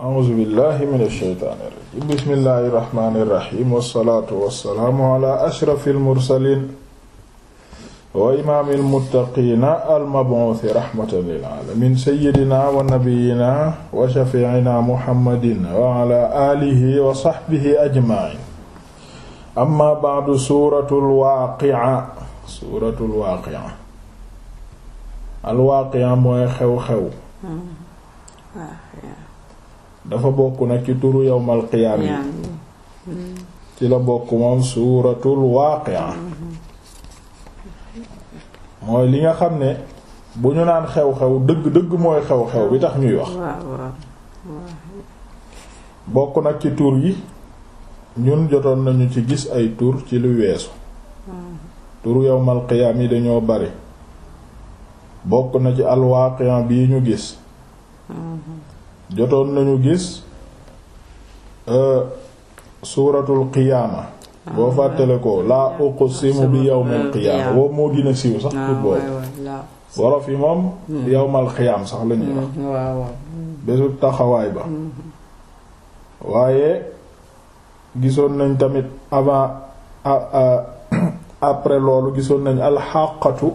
a'uuzu billahi mina shaytaani rajiim bismillahi rahmaani rahiim wassalaatu wassalaamu ala ashrafil mursaliin wa imaamil muttaqiina al-mab'uuthi rahmatan lil aalamiin sayyidinaa wa nabiyyinaa wa shafii'inaa muhammadin wa ala aalihi wa sahbihi ajma'iin amma ba'du suuratul waaqi'a suuratul waaqi'a al-waaqi'a mooy xew-xew hmm. dafa bokk nag ci turu yawmal qiyaam yi ci la bokk moom suuratul waaqi'a mooy li nga xam ne bu ñu naan xew-xew dëgg dëgg mooy xew-xew bi tax ñuy wax bokk nag ci tur yi ñun jotoon nañu ci gis ay tur ci lu weesu turu yawmal qiyaam yi dañoo bari bokk na ci al waaqi'a bii ñu gis jotoon nañu gis euh, suuratul qiyaama ah, boo fàttale ko laa uqsimu bi yawmil qiyaama boobu moo gën a siiw sax pour boobu ah, wolof yi moom hmm. yawmal qiyaam sax lañuy wax hmm, bésu taxawaay ba hmm. waaye gisoon nañ tamit avant après loolu gisoon nañ alxaqatu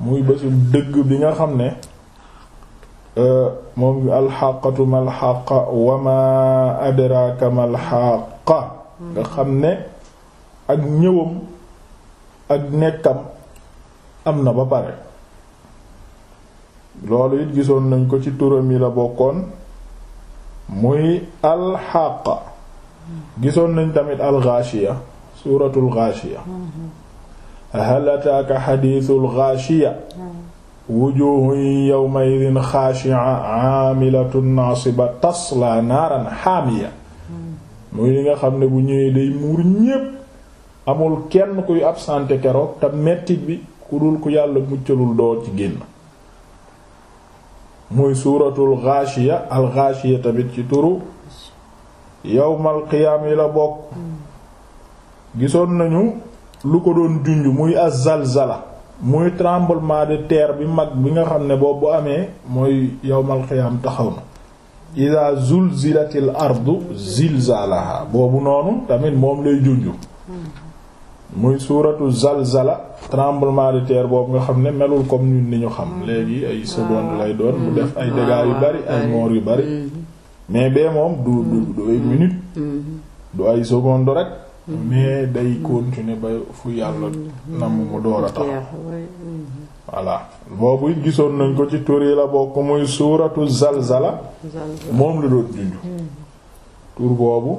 muy bésu dëgg bi nga xam ne moom alxaqatu malxaqa wa ma adraka malxaqa nga xam ne ak ñëwam ak nekkam am na ba pare loolu it gisoon nañ ko ci turam yi la bokkoon muy alxaqa gisoon nañ tamit alxaashiya suuratul xaashiya mm-hmm. hal ataaka xadiisul wujuhun yawma idin xaashi'a amilatun nasiba tasla naaran xaamiya muy li nga xam ne bu ñëwee day muur ñépp amul kenn kuy absenté keroog te mettit bi ku dul ku yàlla muccalul doo ci génn muy suuratul xaashiya al xaashiya tamit ci turu yawmal qiyaam yi la bokk gisoon nañu lu ko doon junj muy az muy tremblement de terre bi mag bi nga xam ne boobu bu amee mooy yowmal xiyaam taxaw na ida zulzilatil ardu zilzalaha boobu noonu tamit moom lay ju muy suuratu zalzala tremblement de terre boobu nga xam ne melul comme ñun ni ñu xam léegi ay seconde lay doon mu def ay dégâts yu bari ay moor yu bari mais bee moom du ay minute mm-hmm. du rek Mm-hmm. mais day continuer ba fu yàlla mm-hmm. nam mu door a tax mm-hmm. voilà boobu gisoon nañ ko ci tur yi la bokk muy suuratu zalzala moom la doon junju tur boobu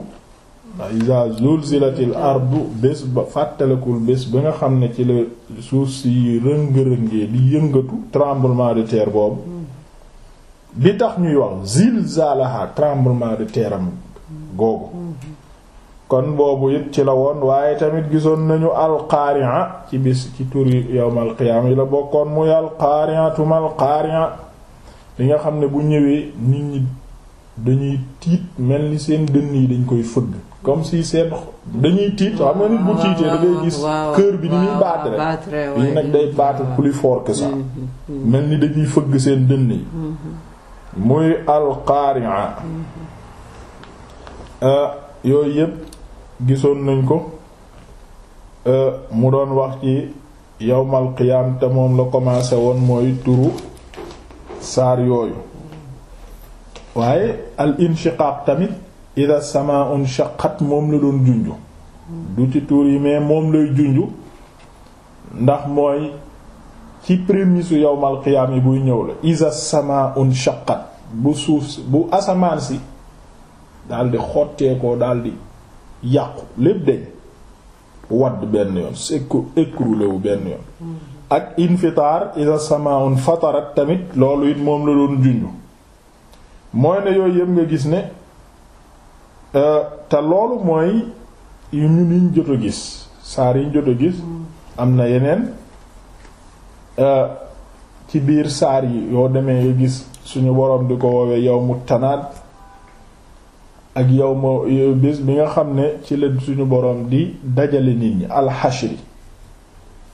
iza zulzilatil ardu bés ba fàttalekul bés ba nga xam ne ci la suuf si rëng-rëngee di yëngatu tremblement de terre boobu bi tax ñuy wax zilzalaha tremblement de terre am googu kon boobu it ci la woon waaye tamit gisoon nañu alqaaria ci bis ci turi yowmal qiyaama yi la bokkoon muy alqaariatumal qaaria li nga xam ne bu ñëwee nit ñi dañuy tiit mel ni seen dënn yi dañ koy fëgg comme si seen dañuy tiit xam nga nit bu tiitee da gis cœur bi ni muy battre yi nag day battre plus fort mm-hmm. mel ni dañuy fëgg seen dënn yi mm-hmm. muy alqaaria mm-hmm. euh, yooyu yépp gisoon nañ ko euh, mu doon wax ci yawmal qiyaam te moom la commencé woon mooy turu saar yooyu waaye al inshiqaaq tamit ida samaa unshaqat moom la doon junj du ci tuur yi mais moom lay junj ndax mooy ci prémisse su yawmal qiyaam yi buy ñëw la ida samaa unshaqat bu suuf bu asamaan si daldi xotteekoo daldi yàqu lépp dañ wadd benn yoon s'écrou écroulé wu benn yoon ak infitaar iza samaun fatarat tamit loolu it moom la doon junju mooy ne yooyu yëpp nga gis ne euh, te loolu mooy yu ñu niñ jot a gis saar yiñ jot a gis am na yeneen euh, ci biir saar yi yoo demee nga gis suñu boroom di ko woowee yawmu tanaad ak yow ma bi nga xam ne ci la suñu boroom di dajale nit ñi alxashri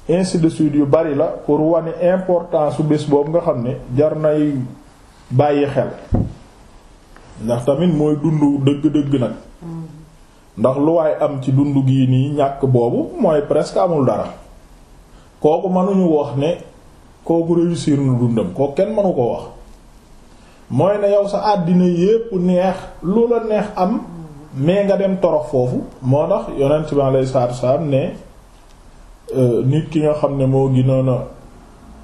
ainsi de suite yu bari la pour wane importance su bis boobu nga xam ne jar nay bàyyi xel ndax tamit mooy dund dëgg-dëgg nag ndax lu waay am ci dund gii nii ñàkk boobu mooy presque amul dara kooku mënuñu wax ne kooku réussir nu dundam kooku kenn mënu koo wax mooy ne yow sa àddina yépp neex lu la neex am mais nga dem torox foofu moo tax yonent bi alayhi salaatu wasallam ne euh, nit ki nga xam ne moo ginoon a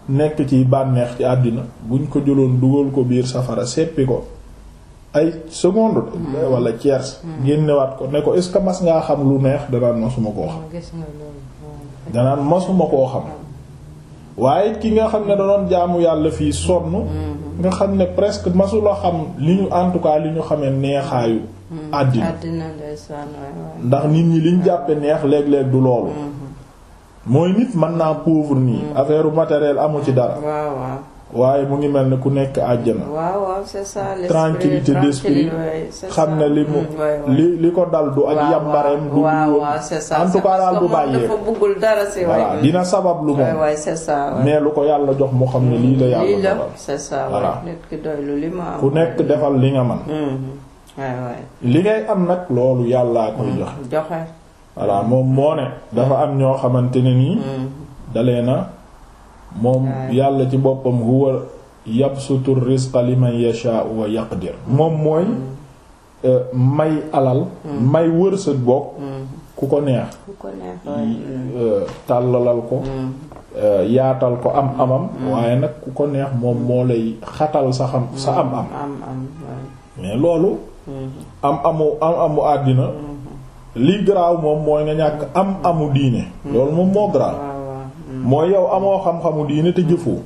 nekk ci bànneex ci àddina buñ ko jëloon dugal ko biir safara seppi ko ay seconde de wala tiers génnewaat ko ne ko est-ce que mas ngaa xam lu neex danaan masuma koo xam danaan masuma koo xam waaye ki nga xam ne da jaamu yàlla fii sonn mm-hmm. nga xam ne presque masula xam li ñu en tout cas li ñu xamee neexaayu mm-hmm. àddina ndax nit ñi liñ jàppe neex léeg-léeg du loolu mm-hmm. mooy nit mën naa pauvre nii affaire matériel amu ci dara waaye mu ngi mel ni ku nekk àjjana. waaw waaw c'est ça d'esprit xam ne li mu mm, li li ko dal du ak yambareem. du en tout cas daal du bàyyee dafa dina sabab lu moom. mais lu ko yàlla jox mu xam ne lii la yàlla defal. c'est ça ku nekk defal li nga man mm-hmm. li ngay am nag loolu yàllaa koy mm-hmm. joxe. joxe voilà moom moo ne. dafa am ñoo xamante ne nii. Mm-hmm. dalee na. moom yàlla ci boppam huwa yabsutu rizqa liman yasha wa yaqdir moom mooy mm. euh, may alal mm. may wërsëg bokk mm. ku ko neex euh, tàllalal ko euh, yaatal ko am amam waaye nag ku ko neex moom moo lay xatal sa xam sa am am mais loolu mm-hmm. am amu am amu àddina mm-hmm. li garaaw moom mooy nga ñàkk am amu diine mm-hmm. loolu moom moo garaaw mooy yow amoo xam-xamu diine te jëfoo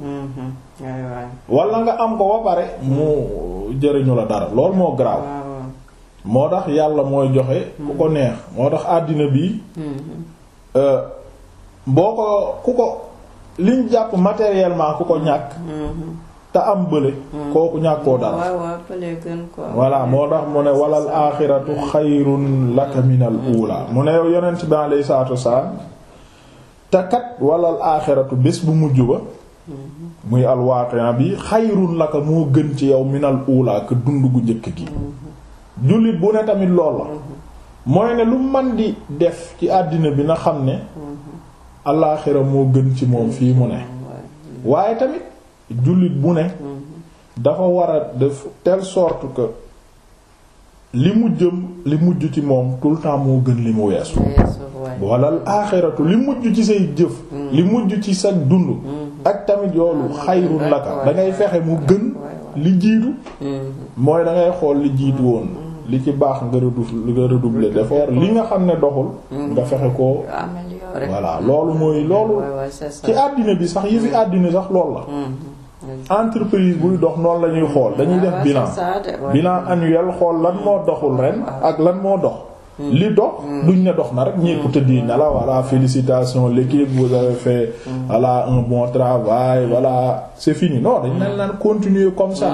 wala nga am ko ba pare mu jëriñu la dara loolu moo garaaw moo tax yàlla mooy joxe ku moo tax àddina bi mm-hmm. euh, boo ko ku ko liñ jàpp matériellement ku ko ñàkk mm-hmm. te am bële mm-hmm. kooku ñàkkoo dara voilà moo tax mu ne walal axiratu xayrun laka minal mu ne yow yonent bi alayhi salaatu te kat wala alaaxiratu bés bu mujj ba muy alwaaqi'a bi xayrun laka moo gën ci yow minal uulaa ka dund gu njëkk gi jullit bu ne tamit lool la mooy ne lu man di def ci àddina bi na xam ne alaaxira moo gën ci moom fii mu ne waaye tamit jullit bu ne dafa war a def telle sorte que li mu jëm li mujj ci moom tout le moo gën li mu weesu wala al li mujj ci say jëf hmm. li mujj ci sa dund hmm. ak tamit yoolu hmm. xayrun laka da fexe mu gën li jiitu mooy da xool li jiitu woon li ci baax nga redoubler nga redoubler d'effort li nga xam ne doxul nga fexe ko voilà loolu mooy loolu ci àddina bi sax yi fi àddina sax lool la entreprise buy dox noonu la ñuy xool dañuy ah, def bilan bilan annuel xool lan moo doxul ren ak lan moo dox hmm. li dox hmm. duñ ne dox na rek ñépp hmm. tëddi na la voilà félicitations l'équipe vous avez fait voilà un bon travail voilà c'est fini non dañ leen continuer comme ça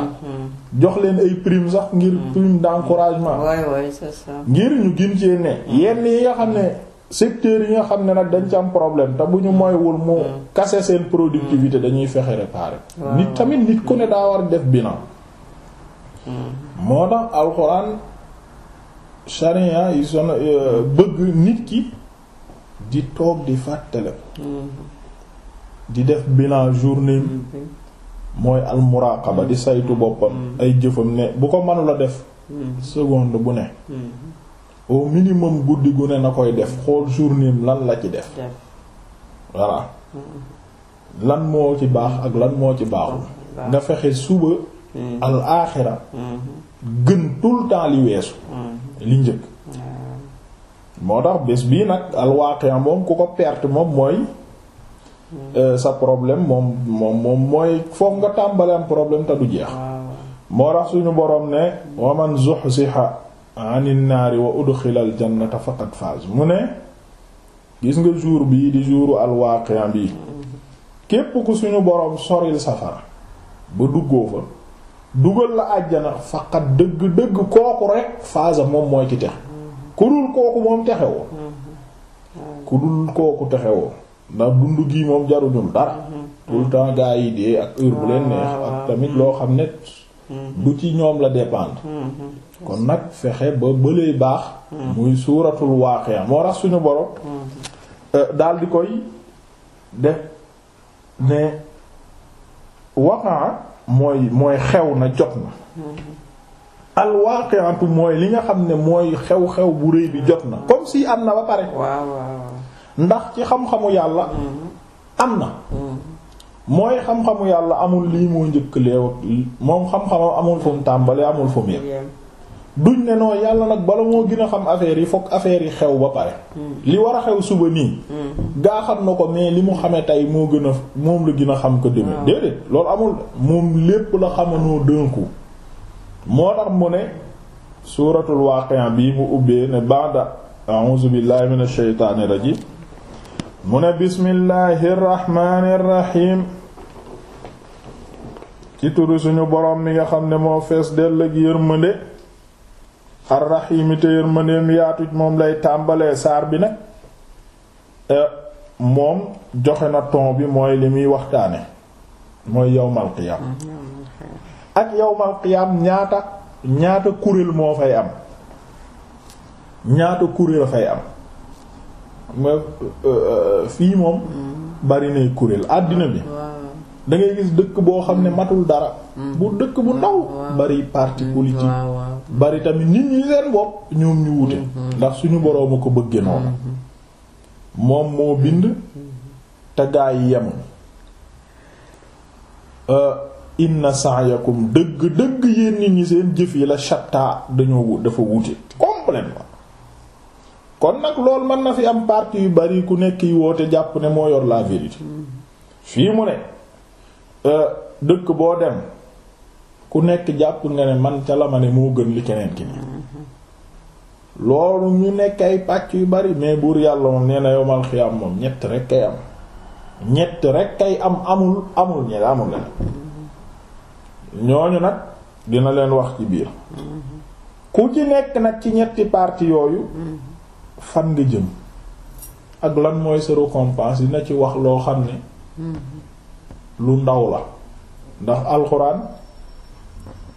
jox leen ay prime sax ngir prime d'encouragement ngir ñu gin ne yenn yi nga xam ne secteur yi nga xam ne nag dañ ci am problème te bu ñu moywul mu kase hmm. seen productivité dañuy fexe réparer hmm. nit tamit nit ku ne daa war def bilan hmm. moo tax alxuraan charia son euh, bëgg nit ki di toog di fàttale di def bilan journée mooy almuraqaba di saytu boppam ay jëfam ne bu ko mënula def seconde bu ne au minimum guddi gu ne na koy def xool journéem lan la ci def voilà mm-hmm. lan moo ci baax ak lan moo ci baaxul nga fexe suba mm-hmm. al aaxira mm-hmm. gën tout le temps li weesu li njëkk moo tax bés bii nag al waaqi'a moom ku ko perte moom mooy euh, sa problème moom moom moom mooy foog nga tàmbale problème te du jeex moo tax suñu boroom ne waman zuhziha anin naari wa udxilal jannata faqad faaz mu ne gis nga jour bii di jouru alwaaqia bi képp ku suñu boroom soril safara ba duggoo fa dugal la àjjana faqat dëgg-dëgg kooku rek faasa moom mooy ci texe ku dul kooku moom texewoo ku dul kooku texewoo ndax dund gi moom jaruñul dara mm-hmm. tout gaa yi dee ak heure bu leen neex ak ah, tamit mm-hmm. loo xam ne du ci ñoom la dépendre kon nag fexe ba bëlee baax muy suuratul waaqi'a moo tax suñu borom euh, daal di koy def ne waqa'a mooy mooy xew na jot na al waqi'atu mooy li nga xam ne mooy xew-xew bu rëy bi jot na comme si am na ba pare waaw ndax ci xam-xamu yàlla mm-hmm. am na mm-hmm. mooy xam-xamu yàlla amul lii moo njëkk leew moom xam-xamam amul fu mu tàmbali amul fu mu duñ ne noo yàlla nag bala moo gën a xam affaire yi fokk affaire yi xew ba pare mm. li war a xew suba nii mm. gaa xam na ko mais li mu xamee tey moo gën a moom la gën a xam ko demee déedéet loolu amul moom lépp la xamanoo dënku moo tax mu ne suuratul waaqi'a bi mu ubbee ne ba'da a'uuzu billaahi minash shaytaanir rajiim mu ne bismillahi ci turi suñu boroom mi nga xam ne moo fees dell ak yërmande arrahim te yërmandeem yaatuj moom lay tàmbalee saar bi nag eh, moom joxe na ton bi mooy li muy waxtaane mooy yowmal qiyaam ak yowmal qiyaam ñaata ñaata kuréel moo fay am ñaata kuréel fay am ma euh, euh, fii moom mm. bari nay kuréel àddina bi da gis dëkk boo xam ne mm. matul dara mm. bu dëkk bu ndaw bari parti politique bari tamit nit ñi seen bopp ñoom ñu wute mm-hmm. ndax suñu boroom ko bëggee noonu mm-hmm. moom moo bind mm-hmm. te gaa yi yem euh, inna sa'yakum dëgg dëgg yéen nit ñi seen jëf yi la shatta dañoo dafa wute complètement kon nag loolu mën na fi am parti yu bari ku nekk yi woote jàpp ne moo yor la vérité fii mu ne euh, dëkk boo dem ku nekk jàpp nga ne man ca la ma ne moo gën li keneen ki nii loolu ñu nekk ay pàcc yu bari mais buur yàlla moom nee na yomal am moom ñett rek kay am ñett rekk kay am amul amul ñett amul la ñooñu nag dina leen wax ci biir ku ci nekk nag ci ñetti parti yooyu fan nga jëm ak lan mooy sa yi dina ci wax loo xam ne lu ndaw la ndax alxuraan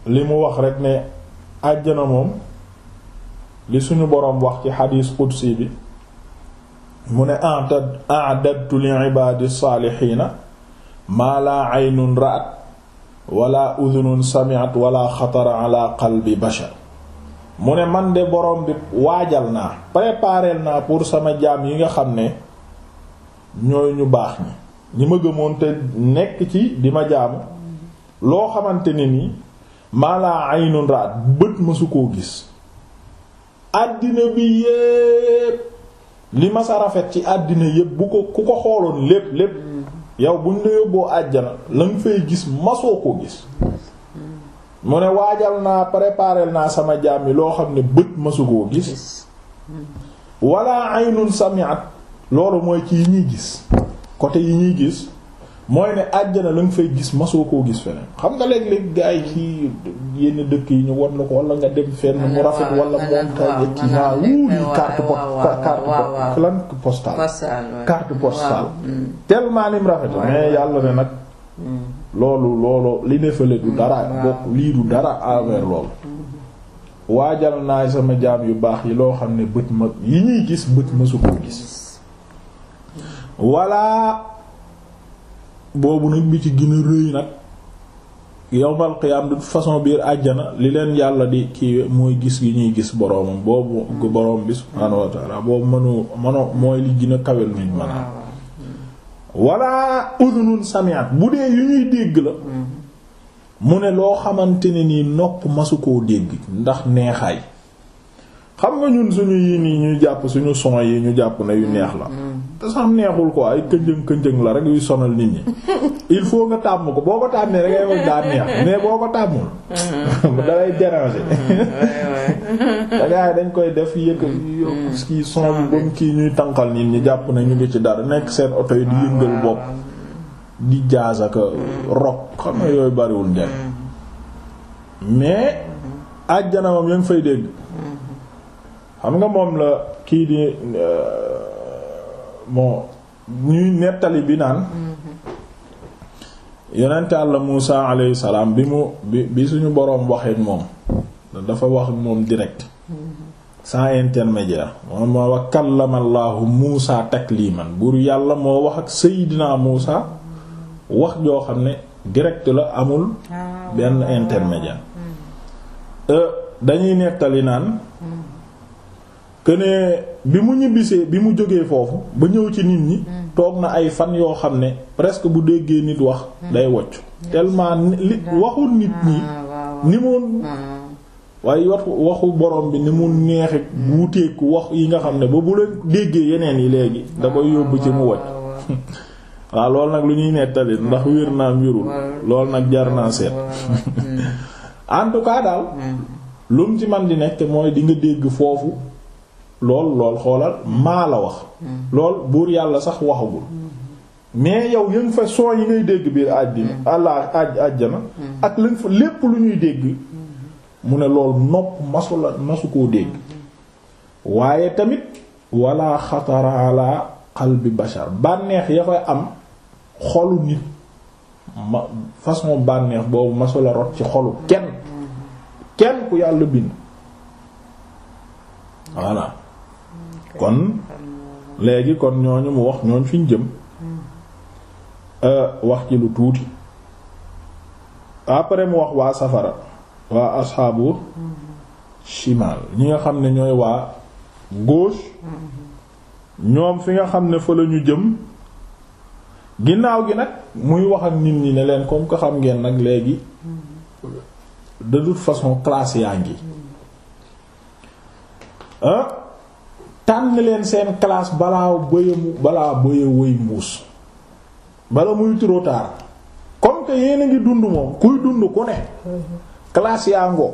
li mu wax rekk ne àjjana moom li suñu boroom wax ci xadiis qudsi bi mu ne a'dad a'dadtu li ibaadi saalixiina maa laa aynun ra'at wala udhunun sami'at wala xatara ala qalbi bashar mu ne man de borom bi waajal naa prépareel naa pour sama jaam yi nga xam ne ñooy ñu baax ñi ñi ma gëmoon te nekk ci di ma jaamu loo xamante ne ni maa laa aynun raat bët ma su koo gis àddina bi yépp li ma sa rafet ci àddina yépp bu ko ku ko xooloon lépp lépp mm-hmm. yow buñ la yóbboo àjjana la nga fay gis masoo koo gis mu ne waajal naa préparel naa sama jaam yi loo xam ne bët masugoo gis hmm. wala aynun sami'at loolu mooy ci yi ñuy gis côté yi ñuy gis mooy ne àjjana la fay gis masoo koo gis feneen xam nga léeg-léeg gaa yi ci yenn dëkk yi ñu won la ko wala nga dem fenn mu rafet wala montagne ci waa wuu lii carte po carte postale carte postale hmm. tellement nim rafet mais yàlla ne nag loolu loolu li ne du dara bokk lii du dara envers loolu waajal naa sama jaam yu baax yi loo xam ne bët ma yi ñuy gis bët ma su koo gis walla boobu nag bi ci gën rëy nag yowmal qiyaam de façon biir àjjana li leen yàlla di kii mooy gis yi ñuy gis boroomam boobu boroom bi subhaanahu wa ta'ala boobu mënu mooy li gën kawel nuñ mënaa wala udunun sami'at bu dee yu ñuy dégg la mu ne loo xamante ne nii nopp masu koo dégg ndax neexaay xam nga ñun suñu yi nii ñuy jàpp suñu son yi ñu jàpp na yu neex la te sax neexul ko ay kënjëng kënjëng la rek yuy sonal nit ñi il faut nga tàmm ko boo ko tàmmee rek ngay daa neex mais boo ko tàmmul da lay déranger dagaay dañ koy def yëkk yokk mm. kii son tànqal nit ñi jàpp na ñu ngi ci dara nekk seen oto yi di ah, yëngal bopp di ak mm. rock xam nga yooyu bariwul njariñ mm. mais àjjana moom fay dégg mm-hmm. xam nga moom la kii di euh, bon ñuy nettali bi naan yonent Yàlla Muusa alayhi salaam bi mu bi suñu boroom waxee moom dafa wax moom direct sans intermédiaire moom moo wax kallama Allahu Muusa takliman buur yàlla moo wax ak Seydina Muusa wax joo xam ne direct la amul ah, benn intermédiaire euh, dañuy nettali naan que ne bi mu ñibbisee bi mu jógee foofu ba ñëw ci nit ñi. Hmm. toog na ay fan yoo xam ne presque bu déggee nit wax hmm. day wocc tellement li ah, waxu nit ñi ni mu hmm. waaye waxu borom bi ni mu neex wuuteeku wax yi nga xam ne ba bu la déggee yeneen yi léegi da koy ah, yóbbu ci mu wocc waaw loolu nag lu ñuy nettali ndax wér naam wérul lool nag jar naa seet en daal lu mu ci man di nekk mooy di dégg foofu. lool lool xoolal maa la wax hmm. lool buur yàlla sax waxagul hmm. mais yow yan fa son yi ngay dégg biir àddina hmm. àlla aj àjjana ak lañ fa lépp lu ñuy dégg mu ne lool nopp masu la masu koo dégg waaye tamit walla xatara xal bi bashar bànneex ya fay am xolu nit façon bànneex boobu masu la rot ci xolu kenn kenn ku yàlla bind voilà kon léegi kon ñooñu mu wax ñooñ fiñ jëm euh, wax ci lu tuuti après mu wax waa safara waa asxaabu chimal ñi nga xam ne ñooy waa gauche ñoom fi nga xam ne fa la ñu jëm ginnaaw gi nag muy wax ak nit ñi ne leen comme ko xam ngeen nag léegi de façon classe yaa ngi tànn leen seen classe balaa bëya balaa bëya wëy mbuus bala muy trop comme que yéen a ngi dund moom kuy dund ku ne classe yaa ngoo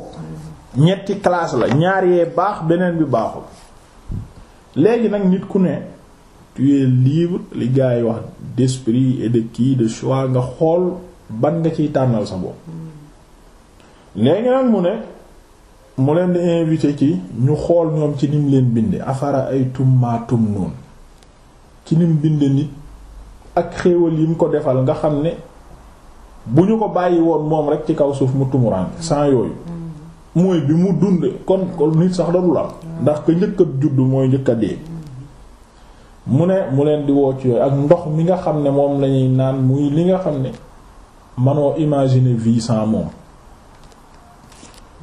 ñetti classe la ñaar yee baax beneen bi baaxul léegi nag nit ku ne tu libre li gars yi wax d'esprit et de kii de choix nga xool ban nga ciy tànnal sa bopp léegi nag mu ne mu leen di invité ci ñu xool ñoom ci nim leen binde afara ay tummaatum noonu ci nim binde nit ak xéewal yi ko defal nga xam ne bu ñu ko bàyyi woon moom rek ci kaw suuf mu tumuraange sans yooyu mm. mooy bi mu dund kon kon nit sax da dul mm. ndax ko njëkk juddu mooy njëkk dee mu ne mu leen di woo ci yooyu ak ndox mi nga xam ne moom lañuy naan muy li nga xam ne manoo imaginer vie sans moom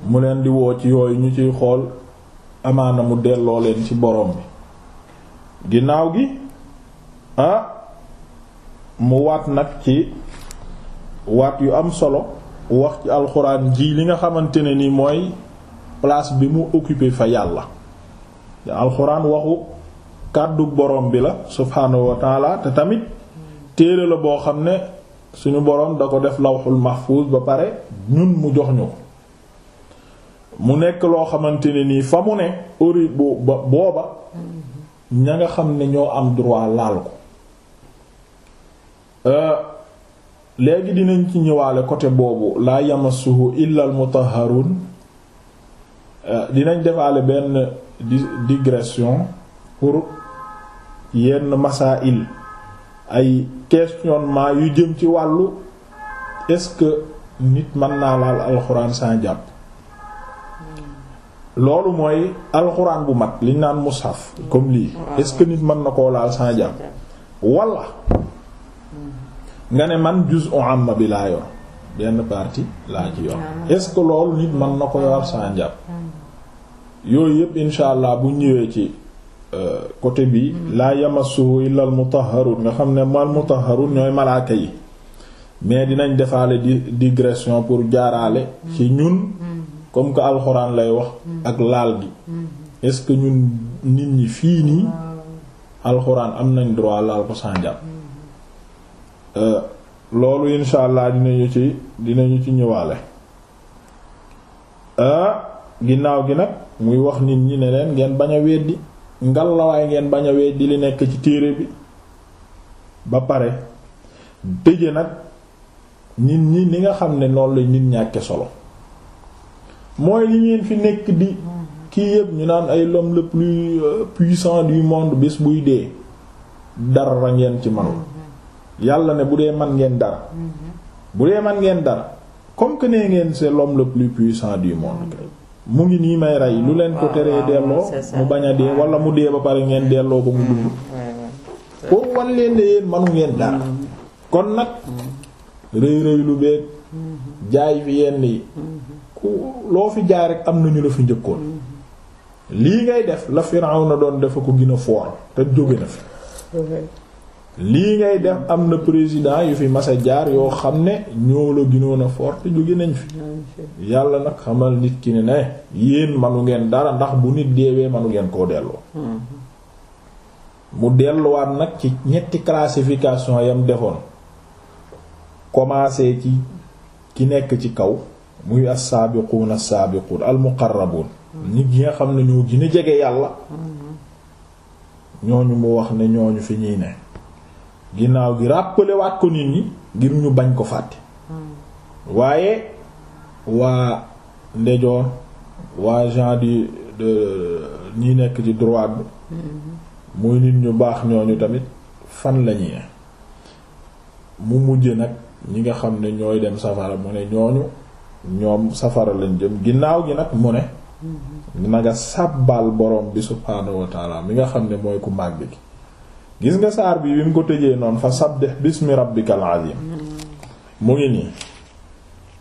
mu leen di woo ci yooyu ñu ciy xool amaana mu delloo leen ci boroom bi ginnaaw gi ah mu waat nag ci waat yu am solo wax ci alxuraan ji li nga xamante ne ni mooy place bi mu occupé fa yàlla te alxuraan waxu kàddu boroom bi la subhaanahu wa te tamit téere la boo xam ne suñu borom da ko def la waxul mahfuz ba pare ñun mu jox ñu mu nekk loo xamante ne nii fa mu ne ori booba ña nga xam ne ñoo am droit laal ko euh, léegi dinañ ci ñëwaale côté boobu laa yamassuhu illa ilal mutahharun euh, dinañ defaale benn digression pour yenn masail ay questionnement yu jëm ci wàllu est-ce que nit mën naa laal alxuraan sans loolu mooy alxuraan bu mag liñ naan mushaf comme lii est nit mën na koo laal sans jàpp nga ne man juz'u amma bi laa yor benn partie laa ci yor est-ce loolu nit mën na ko yor sans yooyu yëpp insha allah bu ñëwee ci euh, côté bi laa yamassuhu illa al xam ne ñooy malaaka yi mais dinañ defaale di digression pour jaaraale ci ñun comme que alxuraan lay wax ak laal gi est-ce que ñun nit ñi fii nii alxuraan am nañ droit laal ko sànjam euh, loolu insha allah dinañu ci dinañu ci ñëwaale euh, ginnaaw gi nag muy wax nit ñi ne leen ngeen bañ a weddi ngal la waaye ngeen bañ a weddi li nekk ci téere bi ba pare tëje nag nit ñi ni nga xam ne loolu la nit ñàkke solo mooy li ngeen fi nekk di kii yëpp ñu naan ay l'homme le plus euh, puissant du monde bés buy dee dara ngeen ci manul yàlla ne bu dee man ngeen dara bu dee man ngeen dara comme que nee ngeen se l'homme le plus puissant du monde mu ngi nii may rey lu leen ko ah, teree ah, delloo mu bañ a dee wala mu dee ba pare ngeen delloo ba mu dund kooku wan leen ne yéen manu ngeen dara kon nag rëy rëy lu beeg mm-hmm. jaay fi yenn yi mm-hmm. loo fi jaar rek am ñu la fi njëkkoon lii ngay def la Firawna doon dafa ko gën foor te jóge na fi lii ngay def am na président yu fi masa jaar yoo xam ne ñoo la gënoon a foor te jóge nañ fi yàlla nag xamal nit ki ne ne yéen manu ngeen dara ndax bu nit deewee manu ngeen koo delloo mu delluwaat nag ci ñetti classification yam defoon commencé ci ki nekk ci kaw muy as-saabiquun as-saabiquun al-muqarrabuun nit ñi nga xam ne ñoo gën jege yàlla ñooñu mu wax ne ñooñu fi ñuy ne ginnaaw gi rappeler waat ko nit ñi ngir ñu bañ ko fàtte waaye waa ndejoor waa gens di ñi nekk ci droite bi muy nit ñu baax ñooñu tamit fan la ñuy mu mujj nag ñi nga xam ne ñooy dem safara mu ne ñooñu ñoom safara lañ jëm ginnaaw gi nag mu ne na nga sàbbaal borom bi subhaanahu wa nga xam ne mooy ku màgg gi nga saar bi mu ko tëjee noonu fa sabbih bismi rabbikal azim mu ngi nii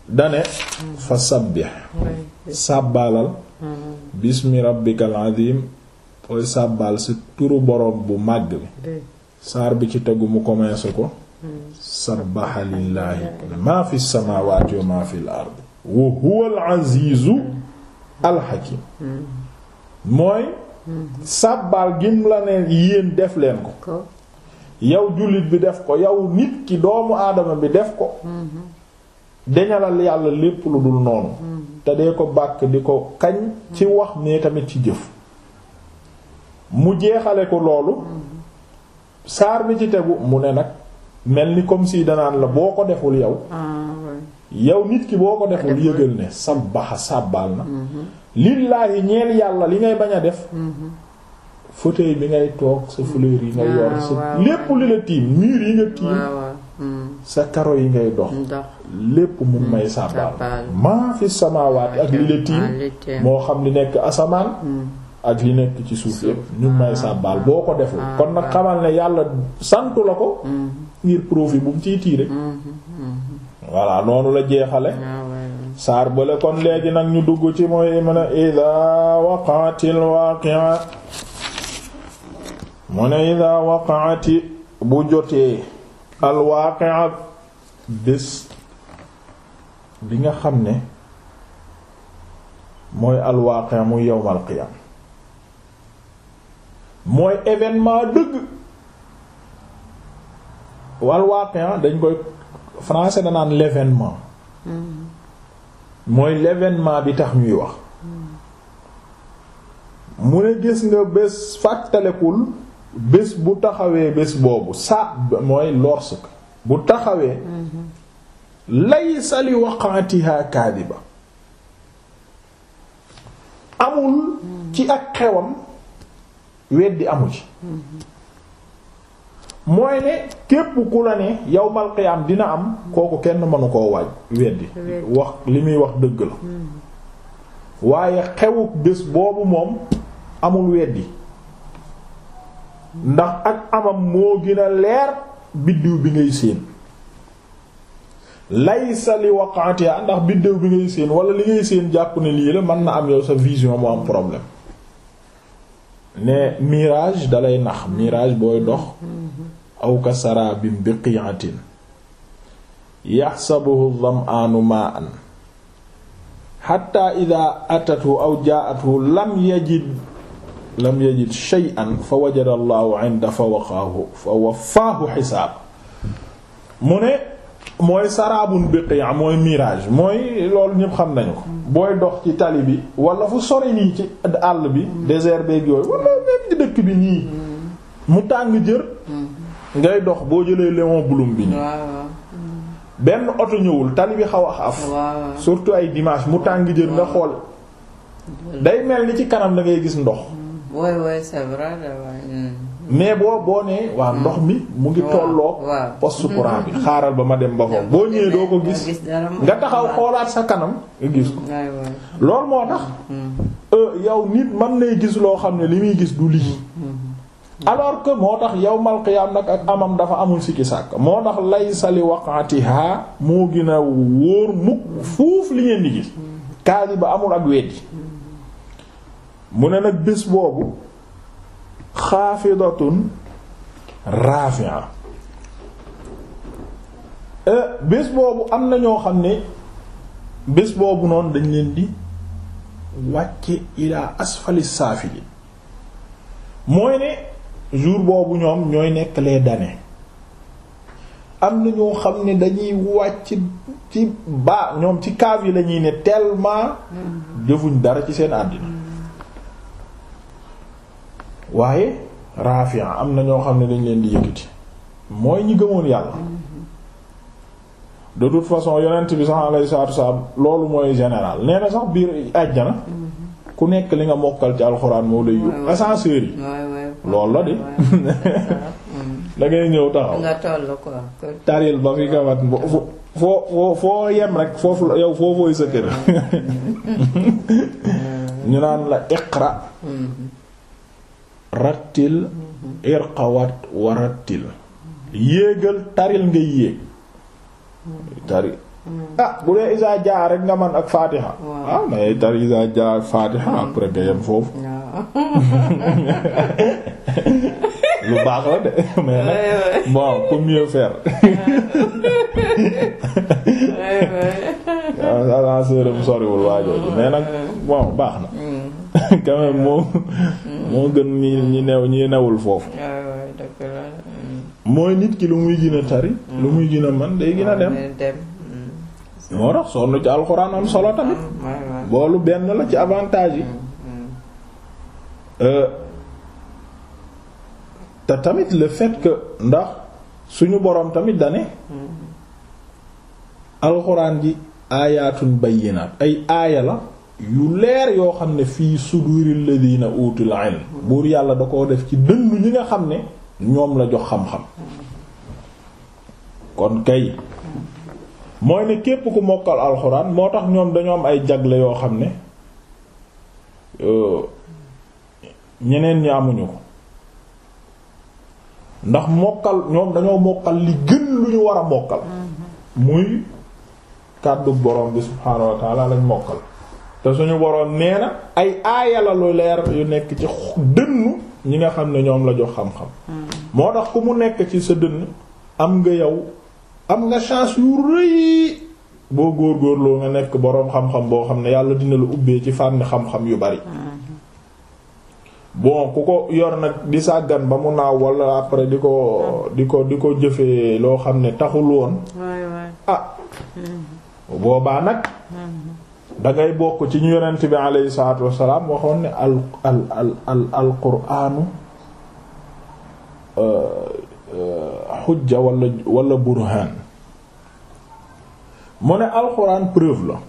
dane fa sabbih sàbbaalal bismi rabbikal azim koy sàbbaal si turu borom bu màgg bi saar bi ci tegu mu commencé ko sabbaha maa fi samaawaati maa fil ard wa huwa al azizu al hakim mooy sàbbaal gim la ne yéen def leen ko yow jullit bi def ko yow nit ki doomu aadama bi def ko mm-hmm. deñalal yàlla lépp lu dul noonu mm-hmm. te dee ko bàkk di ko kañ ci mm-hmm. wax ne tamit ci jëf mu jeexale ko loolu saar bi ci tegu mu ne nag mel ni comme si danaan la boo ko deful yow ah. yow nit ki boo ko deful yëgal ne sabbaxa sàbbaal na lillaahi ñeel yàlla li ngay bañ a def fauteuil bi ngay toog sa fleur yi nga mm-hmm. yor ah, sa lépp li la tiim mur yi nga tiim mm. sa karo yi ngay dox lépp mu may mm, sàbbaal maa fi samaawaat ak li la tiim moo xam li nekk asamaan mm. ak li nekk ci suuf yëpp ñu may ah, sàbbaal ah. boo ko deful kon nag xamal ne yàlla santu la ko ngir profit bu mu ciy tiire mm-hmm. voilà noonu la jeexale ah, saar bale kon léegi nag ñu dugg ci mooy mu ne idaa waqaatil waaqi'a mu ne idaa waqaati bu jotee al waaqi'a bés bi nga xam ne mooy al waaqi'a muy yawmal qiyaam mooy événement dëgg wal waaqi'a dañ koy français danaan l'événement mooy l'événement bi tax ñuy wax mu ne gis nga bés fàttalekul bés bu taxawee bés boobu sa mooy lorsque bu taxawee laysa li waqatiha ba amul ci ak xewam weddi amu ci mooy ne képp ku la ne yawmal qiyaam dina am kooku kenn mënu koo waaj weddi wax li muy wax dëgg la hmm. waaye xewuk bés boobu moom amul weddi ndax ak amam moo gën a leer biddiw bi ngay séen laysa li ya ndax biddiw bi ngay séen wala li ngay séen jàpp ne lii la mën na am yow sa vision moo am problème ne mirage dalay nax mirage booy dox aw ka sarabin biqi'atin yaxsabuhu dham'aanu maa'an xatta ida atatu aw jaa'atu lam yajid lam yajid shay'an fa wajada allahu 'inda fa waqaahu fa wafaahu xisaab mu ne mooy sarabun biqi'a mooy mirage mooy loolu ñëpp xam nañu booy dox ci tali bi wala fu sori yi ci àll bi désert beeg yooyu wala bi nii mu tàng jër ngay dox boo jëlee Léon Blum bi benn oto ñëwul tali bi xaw a af surtout ay dimanche mu tàng jër nga xool day mel ni ci kanam da ngay gis ndox. Mm. mais boo boo nee waa ndox mi mu ngi tolloo poste courant bi xaaral ba ma dem ba foofu boo ñëwee doo ko gis nga taxaw xoolaat sa kanam nga gis ko loolu moo tax hmm. euh, yow nit mën nay gis loo xam ne li muy gis du lii hmm. alors que moo tax yawmal qiyaam nag ak amam dafa amul sikki sàkk moo tax laysa li waqatiha moo gën a wóor mukk fuuf li ngeen gis hmm. kaasi ba amul ak weddi mu ne nag bés boobu xaafidatun rafian eh, bés boobu am na ñoo xam ne bés boobu noonu dañ leen di wàcce ila asfali saafili mooy ne jour boobu ñoom ñooy nekk les am na ñoo xam ne dañuy wàcc ci baa ñoom ci kaaf yi la ne tellement jëfuñ mm. dara ci seen àddina waaye raafiya am na ñoo xam ne dañ leen di yëkkati mooy ñi gëmoon yàlla de toute façon yonent bi sax alayhi salaatu wasallam loolu mooy général nee sax biir àjjana ku nekk li nga mokkal ci alxuraan moo lay yóbbu ascenseur yi loolu la de mm. da ngay ñëw taxaw nga toll taril ba fi gamat foo foo foo yem rek foofu yow foofooy sa kër mm. ñu naan la iqra mm. rattil irqawat wa rattil yéegal taril nga yéeg tari hmm. ah bu dee isa jaa rek nga man ak fatiha ah mais tari isa ak fatiha hmm. après nga yem foofu lu baax la de mais nag bon pour mieux faire waaw ah, soriwul waajooju mais nag bon baax na hmm. quand moo moo gën ñi ñi new ñi newul foofu ah mm. mooy nit ki lu muy gën tari mm. lu muy gën man day gën dem mm, moo tax sonn ci alxuraan solo tamit boolu benn la ci avantage yi euh, te tamit le fait que ndax suñu boroom tamit dane alxuraan ji aayaatun bayyinaat ay aaya la yu leer yoo xam ne fii suduril ladina utul ilm buur yàlla da koo def ci dënnu ñi nga xam ne ñoom la jox xam-xam kon kay mooy ne képp ku mokkal alxuraan moo tax ñoom dañoo ay jagle yoo xam ne euh, ñeneen ñi ndax mokkal li gën lu ñu war a mokkal mm-hmm. muy kàddu borom bi subhaanahu lañ mokkal te suñu boroom nee na ay aaya leer yu nekk ci dënnu ñi nga xam ne ñoom la jox xam-xam mm. moo tax ku mu nekk ci sa dënn am nga yow am nga chance yu rëy boo góorgóorloo nga nekk boroom xam-xam boo xam ne yàlla dina la ubbee ci fànn xam-xam yu bari mm-hmm. bon ku ko yor nag di sàggan ba mu naaw wala après di ko mm. di ko di ko jëfee loo xam ne taxul woon ah mm-hmm. boobaa nag mm-hmm. dangay bokk ci ñu yonent bi alayhi salaatu wassalaam waxoon ne al al al al quraanu xujja euh, euh, wala wala burhaan mu ne alxuraan preuve la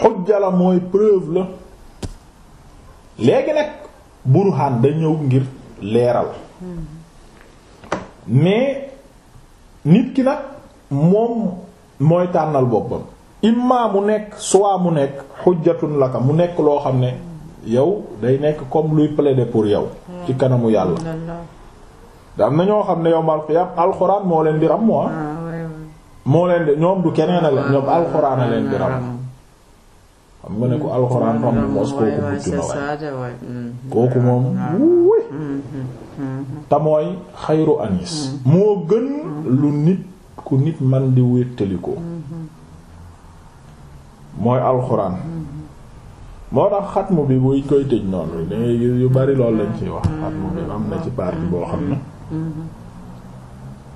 xujja la mooy preuve la léegi nag burhaan da ñëw ngir leeral mais nit ki nag moom mooy tànnal boppam imma mu nekk soit mu nekk xujjatun laka mu nekk loo xam ne yow day nekk comme luy plaider pour yow ci kanamu yàlla mm. da na ñoo xam ne yowmal qiyam alxuraan moo leen di ram moo ah, moo leen di ñoom du keneen a leen ah, ñoom alxuraan a leen di ram xam ko mm, mm, kooku moom wuuy te xayru anis moo gën lu nit ku nit man di wéttalikoo mooy alxuraan moo tax xatmu bi buñ koy tëj noonu dangay gis yu bari lool lañ ciy wax xatmu bi am na ci partie boo xam ne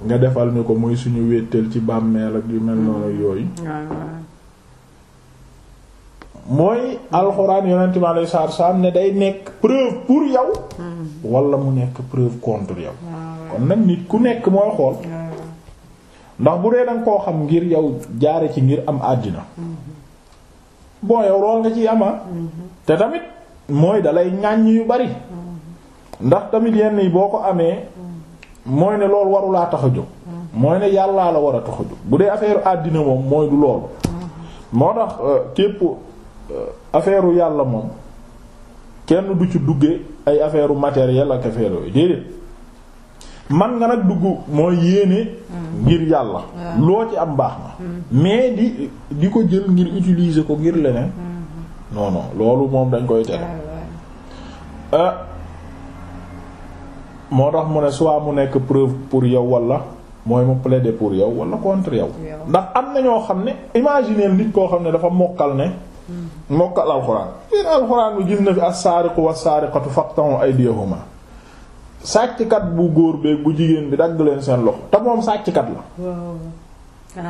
nga defal ni ko muy suñu wéttal ci bàmmeel ak yu mel noonu yooyu mooy alxuraan yonent bi alayhi salaatu salaam ne day nekk preuve pour yow wala mu nekk preuve contre yow kon nag nit ku nekk mooy xool ndax bu dee danga koo xam ngir yow jaare ci ngir am àddina bon yow lool nga ci ama ah. mm-hmm. te tamit mooy dalay ñàññ yu bari mm-hmm. ndax tamit yenn yi boo ko amee mm-hmm. mooy ne loolu warulaa tax a jóg mooy ne yàllaa la war a tax a jóg bu dee affaire àddina moom mooy du loolu moo tax euh, képp euh, affaire u yàlla moom kenn du ci dugge ay affaire u matériel ak affaire yooyu déedéet man nga nag dugg mooy yéene ngir yàlla mm. loo ci am baax na mais di di ko jël ngir utiliser ko ngir leneen mm. non loolu moom dañ koy tere euh, moo tax mu ne soit mu nekk preuve pour yow wala mooy mu plaider pour yow wala contre yow ndax am na ñoo xam ne imaginer nit koo xam ne dafa mokkal ne mm. mokkal alxuraan yéen alxuraan bi gis na fi as-saariqu was-saariqatu faqta'u aydiyahuma sàcckat bu góor beeg bu jigéen bi dagg leen seen loxo te moom sàcckat la. Ah,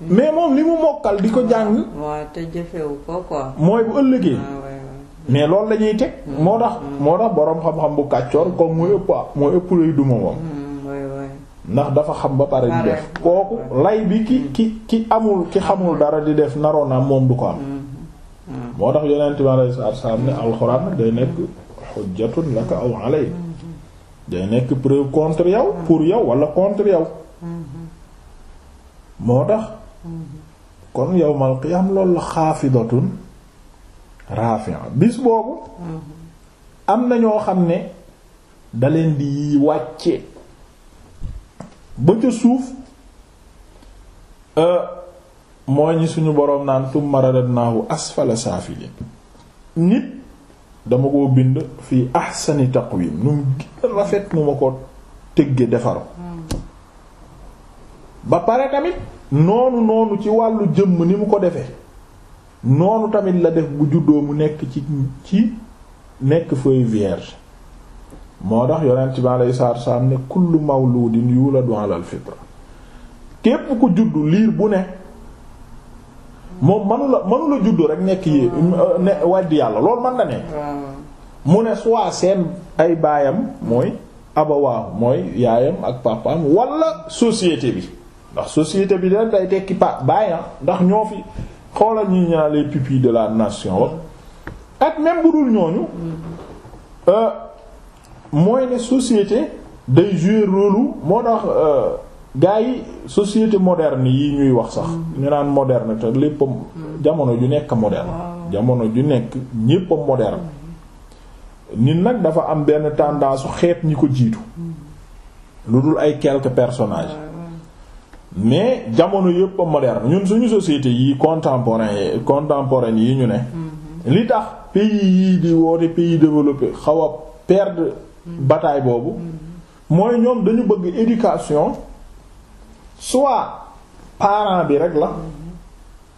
mais moom li mu mokkal di ko jàng. waaw te jëfewu mooy bu ëllëgee. Ah, mais loolu lañuy teg. Mm. moo tax moo tax boroom xam-xam bu kàccoor comme mooy ëpp ah mooy ëpp lay duma moom. Mm, ndax dafa xam ba pare di def kooku lay bi ki mm. ki ki amul ki xamul dara di def naroon na moom du ko am. moo tax yeneen i alxuraan day nekk xujjatun laka aw alayk day nekk preuve contre yow pour yow wala contre yow moo tax kon yawmal qiyaam loolu la xaafidatun rafi'a bis boobu am na ñoo xam ne da leen di wàcce ba suuf euh, mooy ñi suñu boroom naan tumma radadnaahu asfala saafilin nit dama koo bind fii ahsani taqwim nu mu gën a rafet nu ma ko tëgge defar ba pare tamit noonu noonu ci wàllu jëmm ni mu ko defe noonu tamit la def bu juddoo mu nekk ci nekk feuille vierge moo tax yonent bi alayhi salaatu wasalaam ne kullu mawludin yuladu ala al fitra képp ku juddu liir bu ne moom manula manula juddu rek nekk yi euh, ne wàddi yàlla loolu man na ne mu ne soit seen ay baayam mooy abawaaw mooy yaayam ak papaam wala société bi ndax société bi dañ day tekki pa baayam ah, ndax ñoo fi xoolal ñuy ñaa les pupilles de la nation mm. ak même bu dul ñooñu mm. euh, mooy ne société day jouer rôle moo tax euh, gaa yi société moderne yi ñuy wax sax ñu naan moderne te lépp jamono ju nekk moderne jamono ju nekk ñépp a moderne nit nag dafa am benn tendance xeet ñi ko jiitu lu dul ay quelques personnages mais jamono yépp a moderne ñun suñu société yi contemporain yi contemporaine yi ñu ne mhm. li tax pays yii di woote pays développé xaw a mhm. bataay boobu mhm. mooy ñoom dañu bëgg éducation soit parent bi rek la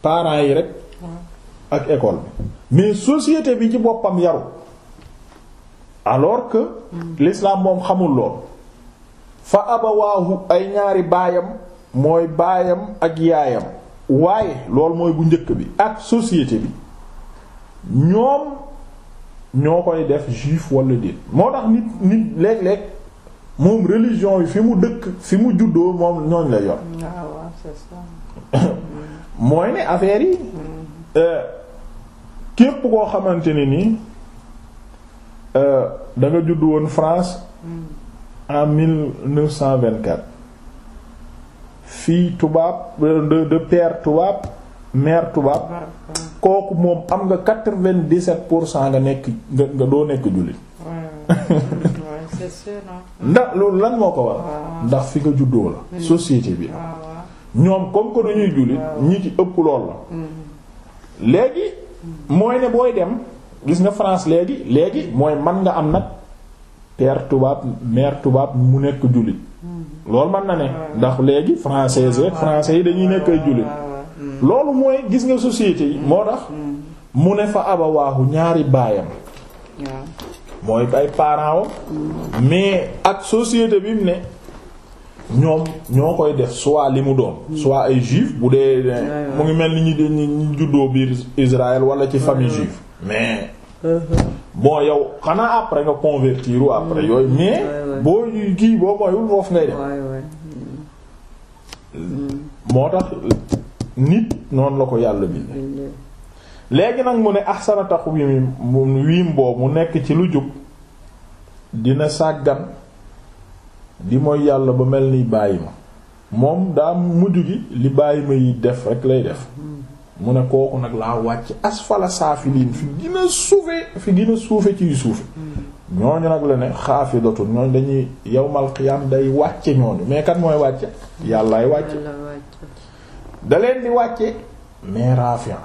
parent yi rek ak école bi mais société bi ci boppam yaru alors que l'islam moom xamul lool fa abawaahu ay ñaari baayam mooy baayam ak yaayam waaye loolu mooy bu njëkk bi ak société bi ñoom ñoo koy def juif wala déet moo tax nit nit léeg-léeg moom religion yi fi mu dëkk fi mu juddoo moom ñooñ la yoon mooy ne affaire yi mm-hmm. euh, képp koo xamante ne nii euh, da nga judd woon France mm. en mille neuf cent vingt-quatre fille tubaab euh, de de père tubaab mère tubaab kooku moom am nga quatre-vingt-dix-sept pour cent nga nekk nga nga doo nekk jullit ndax loolu lan moo ko war ah, ndax fi nga juddoo la mm. société bi ah, ñoom comme que dañuy jullit ah, ñi ci ëpp lool la mm. léegi mm. mooy ne booy dem gis nga France léegi léegi mooy man nga am nag père tubaab mère tubaab mu nekk jullit loolu mën na ne ndax léegi français yi français yi dañuy nekk ay jullit loolu mooy gis nga société yi moo tax mu ne fa abawaahu ñaari baayam mooy ay parents am mais ak société bi mu ne ñoom ñoo koy def soit li mu doon soit ay juif bu dee mu ngi mel ni ñu ñu juddoo biir Israël wala ci famille juif mais uh-huh. bon yow xanaa après nga convertir ou après mm. yooyu boo kii ngay dem mm. moo tax nit noonu la ko yàlla bi léegi nag mu ne ahsana taqwim wiim boobu mu nekk ci lu jub dina sàggan di mooy yàlla ba mel ni bàyyi ma moom daa mujj gi li bàyyi ma yi def rek lay def mu ne kooku nag laa wàcc asfala saafiliin fi gina suufe fi gina suufe ciy suufe ñooñu nag la ne xaafidatun ñooñu dañuy yawmal qiyaam day wàcce ñooñu mais kan mooy wàcce yàllaay wàcce da leen di wàcce mais rafi'a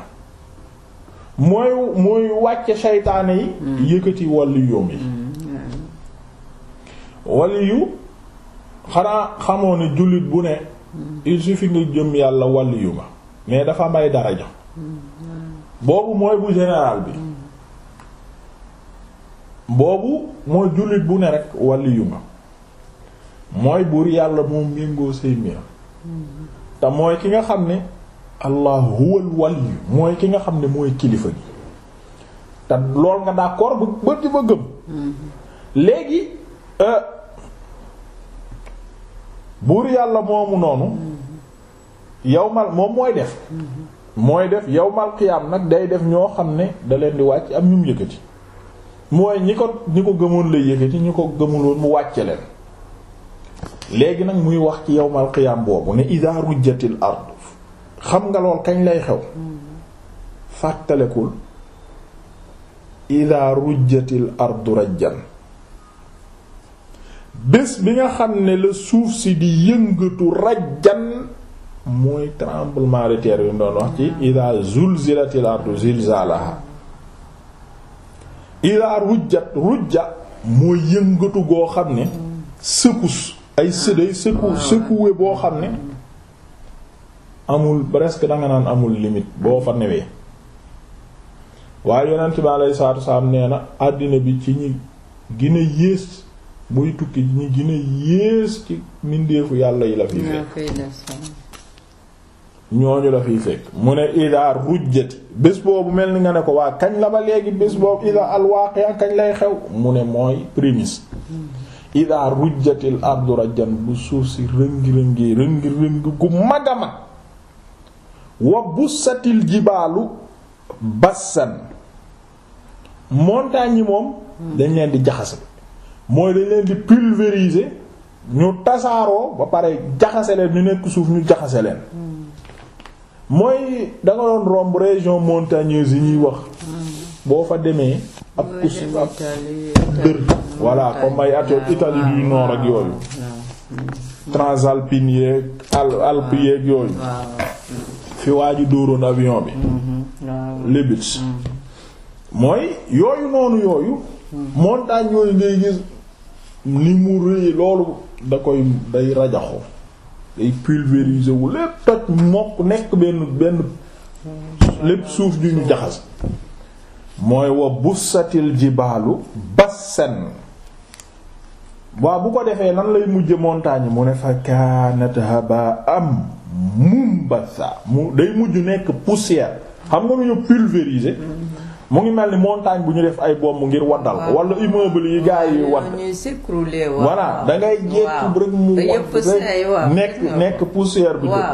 mooy mooy wàcce seytaane yi hmm. yëkkati wàllu yoom yi hmm. waliyu xanaa xamoo ne jullit bu ne il suffit nga jëm yàlla waliyu ma mais dafa may daraja boobu mooy bu général bi boobu mooy jullit bu ne rekk waliyu ma mooy buur yàlla moo méngoo say mbir te mooy ki nga xam ne allah huwal waliyu mooy ki nga xam ne mooy kilifa gi te lool nga d'accord ba ba gëm mm-hmm. léegi euh, buur yàlla moomu noonu yawmal moom mooy def mooy def yawmal qiyaam nag day def ñoo xam ne da leen di wàcc am ñu mu yëkkati mooy ñi ko ñi ko gëmoon lay yëkkati ñi ko gëmuloon mu wàcce leen léegi nag muy wax ci yawmal qiyaam boobu ne idaa rujjatil ard xam nga lool kañ lay xew fàttalekul idaa rujjatil ardu rajjan bés bi nga xam ne la suuf si di yëngatu rajjan mooy tremblement de terre yu wax ci ah. ida zulzilatil ardu zilzalaha ida rujjat rujja mooy yëngatu goo xam ne secousse ay sëday secou ah. secoué boo xam ne amul presque danga naan amul limit boo fa newee waaye yonent bi alayhi salaatu nee na àddina bi ci ñi gën yées booy tukki ñi gën yées ci mindeefu yàlla yi la fiy fekk ñooñu la fiy fekk mu ne ida rujjati bés boobu mel ni nga ne ko waa kañ la ba léegi bés boobu ida alwaaqi'a kañ lay xew mu ne mooy prémisse hmm. ida rujjatil ardu rajjan bu suuf si rëngi-rëngee rëngi-rëng gu mag a mag wa bussatil jibaalu bassan montagne yi moom hmm. dañ leen di jaxase mooy dañ leen di pulvériser ñu tasaaroo ba pare jaxase leen ñu nekk suuf ñu jaxase leen mooy da doon romb région montagneuse yi ñuy wax boo fa demee ab kus ab dër voilà comme ay ato Italie du nord ak yooyu ah, ah, ah. Hmm. transalpine yeeg alpes yeeg yooyu fi waa ji dóoroon avion bi hmm, hmm. Leibnitz mooy yooyu noonu yooyu montagne yooyu ngay gis ni mu rëy loolu da koy day rajaxoo day pulvériser wu lépp toj mokk nekk benn benn lépp suuf ju ñu jaxas mooy bu bussatil jibaalu bassan waa bu ko defee nan lay mujje montagne mu ne fa kaanat haba am mumbasa mu day mujj nekk poussière xam nga lu ñu pulvériser mu ngi mel ni montagne bu ñu def ay bomb ngir waddal wala immeuble yi gars yi wadd voilà da ngay jekk rek mu wadd nekk nekk poussière bi jóg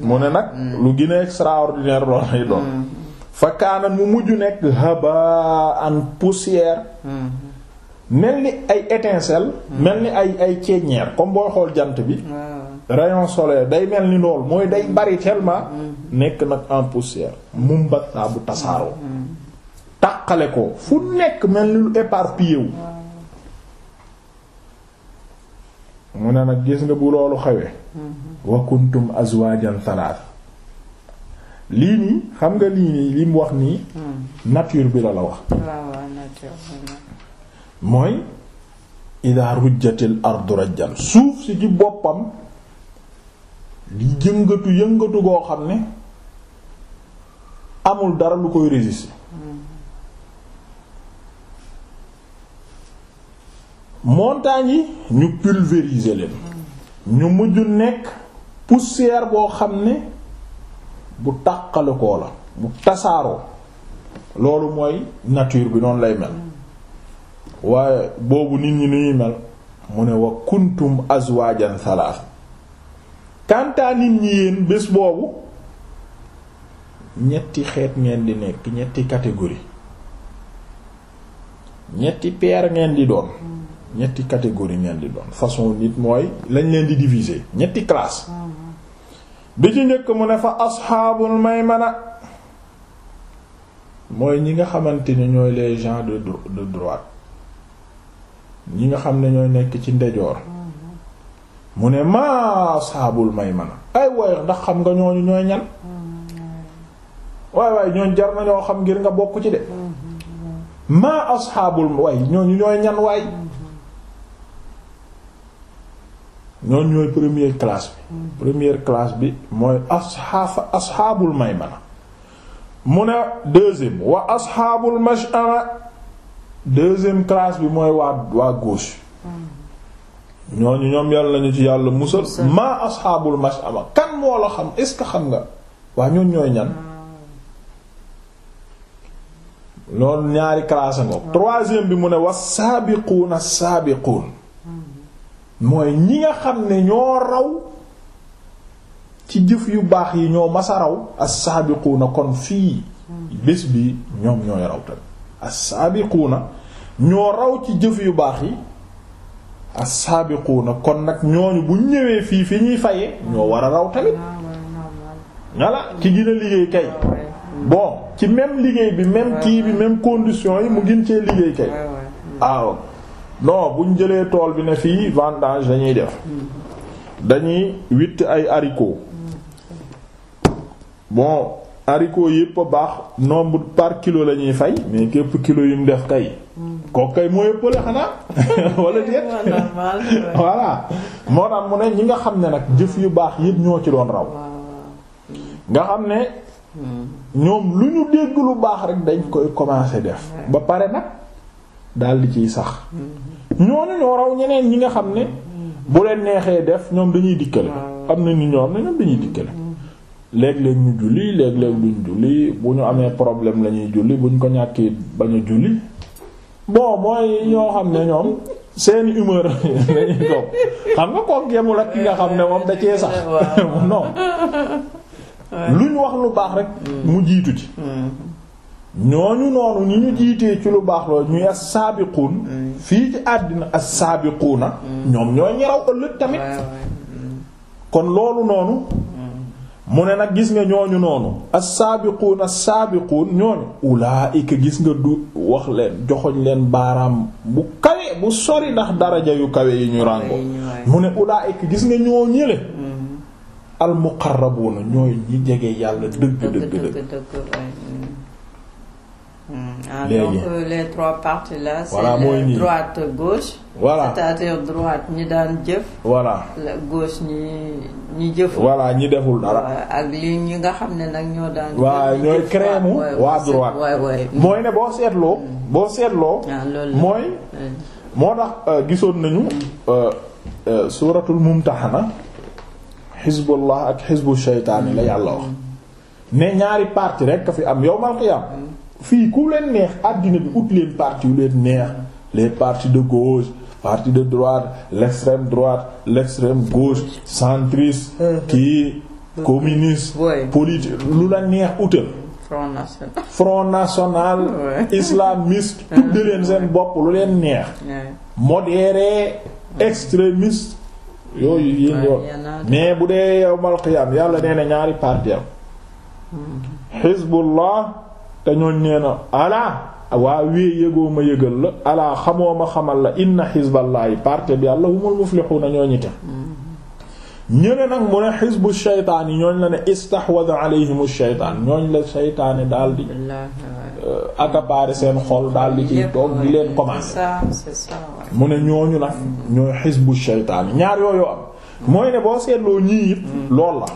mu ne nag mm. lu gën a extraordinaire lool lay doon mm. fa kaana mu mujj nekk haba an poussière mm. mel ni ay étincelle mel ni ay ay ceeñeer comme boo xool jant bi rayon solaire day mel ni lool mooy day bari tellement nekk nag en poussière mumbat saa bu tasaaroo tàqale ko fu nekk mel ni lu éparpillé wu mu ne nag gis nga bu loolu xewee mm-hmm. wa kuntum azwajan lii nii xam nga lii nii li wax nii mm. nature bi la la wax mooy ida rujjatil ardu suuf si ci boppam di yëngatu yëngatu goo xam ne amul dara lu koy résister mm-hmm. montagnes yi ñu pulvériser leen ñu mujj nekk poussière boo xam ne bu tàqalikoo la bu tasaaroo loolu mooy nature bi noonu lay mel waaye boobu nit ñi ni ñuy mel mu ne wa kuntum azwajan salaas kantaa nit ñi yéen bés boobu ñetti xeet ngeen di nekk ñetti catégorie ñetti paire ngeen di doon ñetti catégorie ngeen di doon façon nit mooy lañ leen di diviser ñetti classe mm-hmm. bi ci njëkk mu ne fa asxaabul maymana mooy ñi nga xamante ne ñooy les gens de de droite ñi nga xam ne ñooy nekk ci ndejoor mm-hmm. mu ne maa asxaabul maymana ay waaye ndax xam nga ñooñu ñooy ñan mm-hmm. waay waay jar na ñoo xam ngir nga bokk ci de maa asxaabul way ñooñu ñooy ñan waay ñooñ ñooy première classe bi hmm. première classe bi mooy asxaafa asxaabul maymana mu ne deuxième wa asxaabul mash'ara deuxième classe bi mooy waa waa gauche hmm. ñooñu ñoom yàlla nañu ci yàlla musal maa asxaabul mash'ara kan moo la xam est-ce que xam nga waa ñooñ ñooy ñan hmm. loolu ñaari classe nga troisième bi mu ne wa saabiquuna saabiquun mooy ñi nga xam ne ñoo raw ci jëf yu baax yi ñoo masa raw as na kon fii bés bi ñoom ñooy raw tamit as-saabiquuna ñoo raw ci jëf yu baax yi as na kon nag ñooñu bu ñëwee fii fi ñuy fayee ñoo war a raw tamit voilà ki gën a liggéey kay bon ci même liggéey bi même kii bi même condition yi mu gën cee liggéey kay waaw ah, non buñ jëlee tool bi ne fii vendange dañuy def dañuy witt ay ariko bon ariko yépp a baax nombre par kilo lañuy ñuy fay mais képp kilo yu mu def kay kooku kay moo ëppale xanaa wala déet voilà moo tax mu ne ñi nga xam ne nag jëf yu baax yépp ñoo ci doon raw nga xam ne hmm. ñoom lu ñu dégg lu baax rek dañ koy commencer def ba pare nag daal di ciy sax ñooñu ñoo raw ñeneen ñi nga xam ne bu leen neexee def ñoom dañuy dikkale am na ni ñoom ne ñoom dañuy dikkale léeg-léeg ñu julli léeg-léeg duñ julli bu ñu amee problème la ñuy julli buñ ko ñàkkee bañ a julli bon ñoo xam ne ñoom seen humeur lañuy topp xam nga kook yemul ak ki nga xam ne moom da sax non lu wax lu baax rek mu jiitu ci mm. ñooñu noonu ñi ñu jiitee ci lu baax loolu ñuy as-saabiquun fii ci àddina as-saabiquuna ñoom ñooy ñeraw ëllëg tamit kon loolu noonu mu ne nag gis nga ñooñu noonu as-saabiquun as-saabiquun ñooñu gis nga du wax leen joxoñ leen baaraam bu kawe bu sori ndax daraja yu kawe yi ñu ràngoo mu ne ulaa'ika gis nga ñoo ñële al-muqarrabuuna ñooy ñi jege yàlla dëgg dëgg dëgg ah donc euh, les trois parties la voilà mooy nii droite gauche. voilà c'est-à-dire ñi daan jëf. voilà gauche ñi ñi jëful. voilà ñi deful dara. ak li ñi nga xam ne nag ñoo daan. waaw ñooy crème mooy ne boo seetloo. Mm. boo seetloo. Ah, mooy. moo tax euh, gisoon nañu. Mm. Euh, suuratul mumtahana xisbullah ak xisbu shaytaani la mm. yàlla wax. ne ñaari parti rek ka fi am yawmal qiyaam fii ku leen neex àddina bi ut leen parti yu leen neex les partis de gauche parti de droite l'extrême droite l'extrême gauche centriste euh, kii communiste politique lu la neex utal front national front national islamiste euh, tudde leen seen bopp lu leen neex modéré extrémiste yooyu yéen yoon mais bu dee yowmal qiyam yàlla nee na ñaari parti am hmm. hizbullah te ñooñ nee na alaa waa wee ma yëgal la xamoo ma xamal la inna xisballaahi parti bi yàlla humul muflixuuna ñoo ñi te ñëne nag mu ne xisbu shaytaan yi ñooñ la ne istahwada alayhimu la shaytaane daal di euh, seen xol daal di ciy toog di leen commencer mu ne ñooñu nag ñooy xisbu shaytaan ñaar yooyu am mooy ne boo seetloo ñii mm. lool la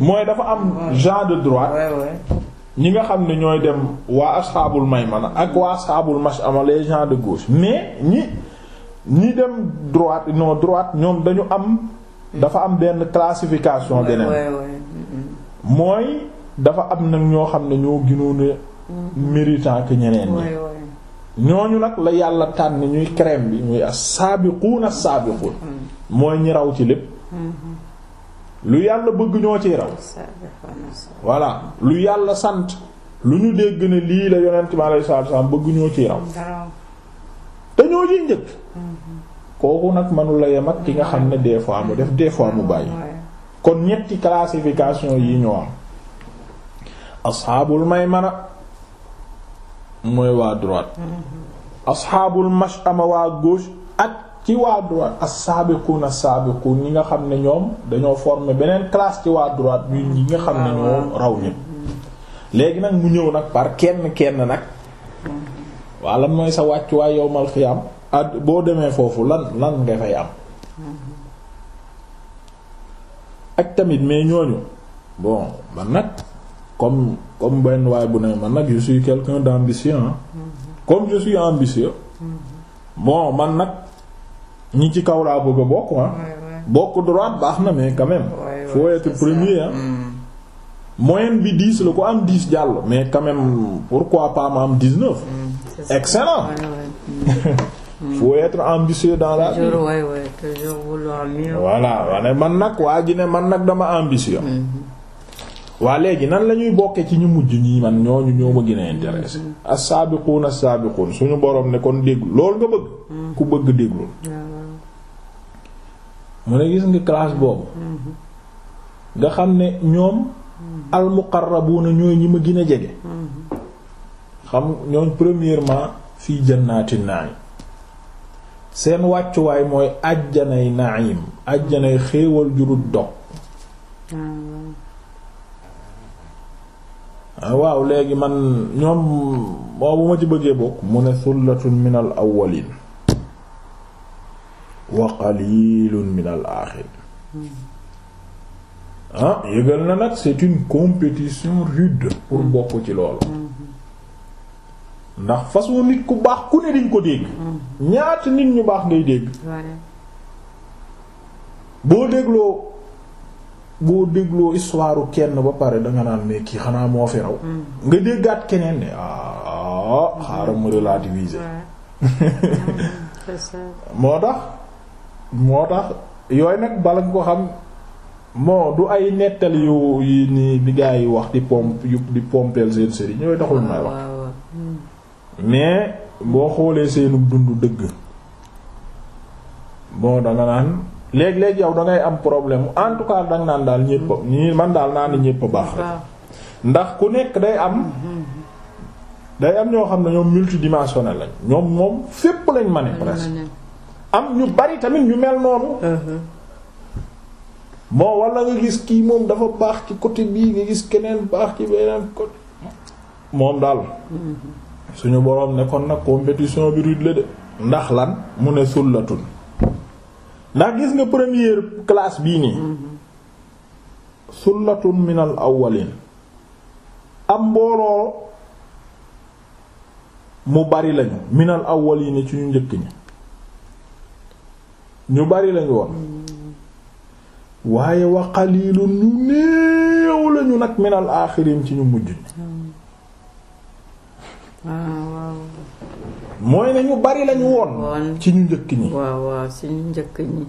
mooy dafa am genre de droit ñi nga xam ne ñooy dem waa saabul may maymana ak waa saabul mash'ama les gens de gauche mais ñi ñi dem droite non droite ñoom dañu am dafa am benn classification beneen mm-hmm. mooy dafa am nag ñoo xam ne ñoo gënoon a mm-hmm. méritant que ñeneen ñi ñooñu nag la yàlla tànn ñuy crème bi ñuy as-saabiquuna as-saabiquun mm-hmm. mooy ñi raw ci lépp lu yàlla bëgg ñoo ciy raw voilà lu yàlla sant lu ñu dégg ne lii la yonent mi alayhi salaatu salaam bëgg ñoo ciy raw te ñoo ciy njëkk kooku nag manula yem ki nga xam ne des fois mu def defois mu bàyyi kon ñetti classification yi ñoo am asxaabul maymana mooy waa droite asxaabul mash'ama waa gauche ak ci waa droite as na as-sabiqun ñi nga xam ne ñoom dañoo forme beneen classe ci waa droite bi ñi nga xam ne ah, ñoo raw ñëpp léegi nag mu ñëw nag par kenn kenn nag waa lan mooy sa wàcc waay yowmal xiyaam ad boo demee foofu lan lan nga fay am ak tamit mais ñooñu bon man nag comme comme benn waay bu ne man nag je suis quelqu'un d'ambitieux comme je suis ambitieux bon man nag ñi ci kaw laa bëgg bokk ah. bokk droite baax na mais quand même. faut être premier ah. bi 10 la ko am 10 jàll. mais quand pour pourquoi pas ma am 19. Mm, excellent. Mm. faut être ambitieux dans la vie. toujours man nag waa ji man nag dama ambitieux. Mm-hmm. waa léegi nan lañuy ñuy bokkee ci ñu mujj ñi man ñooñu ñoo ma gën a intéressé. Mm-hmm. as-sabiquna as-sabiqun suñu borom ne kon déglu loolu nga bëgg. ku bëgg déglu. mu ne gis nga classe boobu nga xam ne ñoom al muqarrabuuna ñooy ñi ma gin a jege xam ñooñ premièrement fii jannaati na'im seen wàccuwaay mooy àjjanay na'im àjjanay xéewal jurut dog hmm. ah, waaw léegi man ñoom moo bu ma ci bëggee bokk mu ne sullatun minal awwalin wa qalilun min al axir ah yëgal na nag c'est une compétition rude pour bokk ci loolu ndax façon nit ku baax ku ne dañ ko dégg ñaata nit ñu baax ngay dégg boo dégloo boo dégloo histoire kenn ba pare danga naan mais kii xanaa moo fi raw mm. nga déggaat keneen ne ah, ah xaaral ma relativiser mm, moo tax moo tax yooyu nag bala ko xam moo du ay nettali yu yi nii bi yi wax di pompe yu di pompeel seen sëriñ yooyu taxul may wax ah, mais boo xoolee seenu dund dëgg bon danga naan léeg-léeg yow dangay am problème en tout cas danga naan daal ñépp mm-hmm. ñii man daal naa ni ñépp baax rek ndax ku nekk day am mm-hmm. day am ñoo xam ne ñoom multidimensionnel lañ ñoom moom fépp lañ mane presque am ñu bari tamit ñu mel noonu uh-huh. bon wala nga gis kii moom dafa baax ci côté bii nga gis keneen baax ci beneen côté moom daal mm-hmm. suñu boroom nekkoon kon nag compétition bi rude la de ndax lan mu ne sullatun ndax gis nga première classe bii nii mm-hmm. sullatun minal awwalin am mbooloo mu bari lañu minal awwalin ci ñu njëkk ñi ñu bari lañu woon waaye wa qalilun ñu néew lañu nag minal aaxirin ci ñu mujj mooy ne ñu bari lañu woon ci ñu njëkk ñi ci ñu njëkk ñi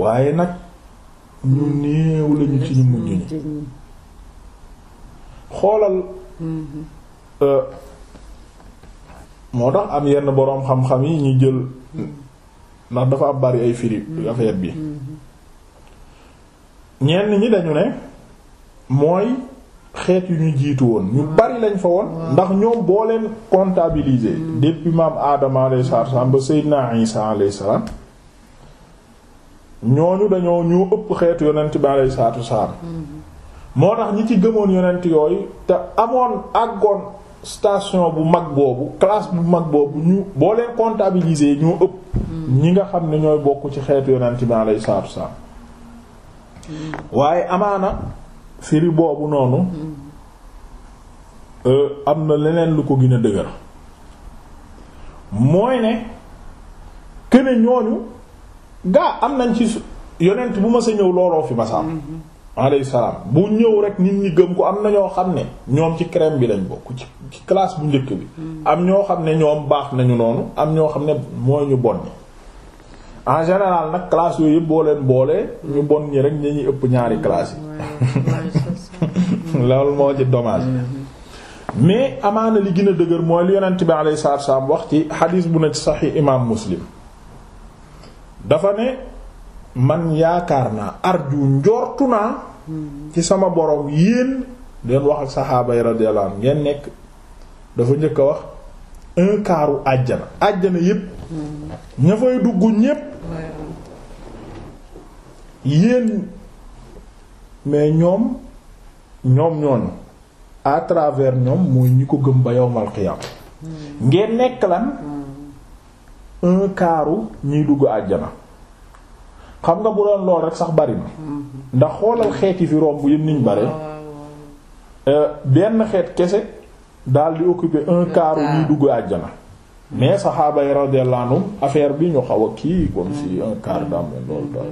waaye nag ñu néew lañu ci ñu mujj ñi xoolal mm-hmm. euh, moo tax am yenn boroom xam-xam yi ñu jël mm. ndax dafa am bari ay firi affaire bi ñenn ñi dañu ne mooy xeet yu ñu jiitu woon ñu bari lañ fa woon ndax ñoom boo leen comptabiliser mm. depuis maam aadama alayhi salaam ba seydina isa alayhi salaam ñooñu dañoo ñoo ëpp xeet yonent bi alayhi salaatu salaam mm-hmm. moo tax ñi ci gëmoon yonent yooyu te amoon àggoon station bu mag boobu classe bu mag boobu ñu boo leen comptabiliser ñoo ëpp hmm. ñi nga xam ne ñooy bokk ci xeetu yonent bi alayhi salaatu wassalaam hmm. waaye amaana firi boobu noonu hmm. euh, am na leneen lu ko gën dëgër mooy ne këne ñooñu gaa am nañ ci yonent bu ma sa ñëw looloo fi masaam alayhi salaam bu ñëw rek nit ñi gëm ko am na ñoo xam ne ñoom ci crème bi lañ bokk ci ci classe bu njëkk bi. Hmm. am ñoo xam ne ñoom baax nañu noonu am ñoo xam ne mooy ñu bon ñi en général nag classe yooyu yëpp boo leen boolee ñu bon ñi rek ñi ñuy ëpp ñaari classe yi hmm. loolu moo ci dommage. Hmm. mais amaana li gën a dëgër mooy li yonent bi alayhi salaatu salaam wax ci xadiis bu ne ci Sahih imaam Muslim dafa ne man yaakaar naa arju njortu naa. ci sama borom yéen den wax ak saxaaba yi ngeen nekk dafa njëkk a wax un quart u àjjana àjjana yépp ña fay dugg ñépp yéen mais ñoom ñoom ñooñu à travers ñoom mooy ñi ko gëm ba yowmal xiyaam ngeen nekk lan hmm. un quart ñiy dugg àjjana xam nga bu doon lool rek sax bari na ndax xoolal xeeti fi romb yëpp niñ bare euh, benn xeet kese daal di occuper un quart ñuy dugg àjjana mais saxaaba yi radiyallahu anhum affaire bi ñu xaw a kii comme si mm-hmm. un quart dam mm-hmm. loolu daal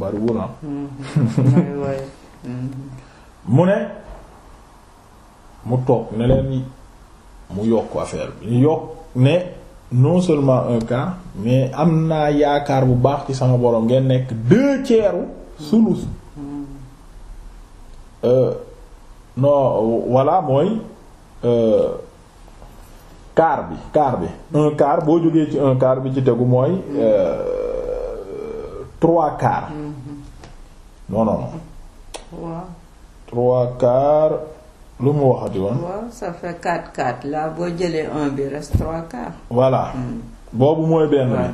bariwul am ah. mm-hmm. mu ne mu toog ne mu yokk affaire bi ñu yokk ne non seulement un cas mais am naa yaakaar bu baax ci sama borom ngeen nekk deux tiers sulus euh, non voilà mooy euh, quart bi quart bi un quart boo jógee ci un quart bi ci tegu mooy euh, trois quarts mm-hmm. non non trois quarts lu mu waxati woon. waaw ça fait 4 4 là boo jëlee un bi reste 3 4. voilà mm. boobu mooy benn bi.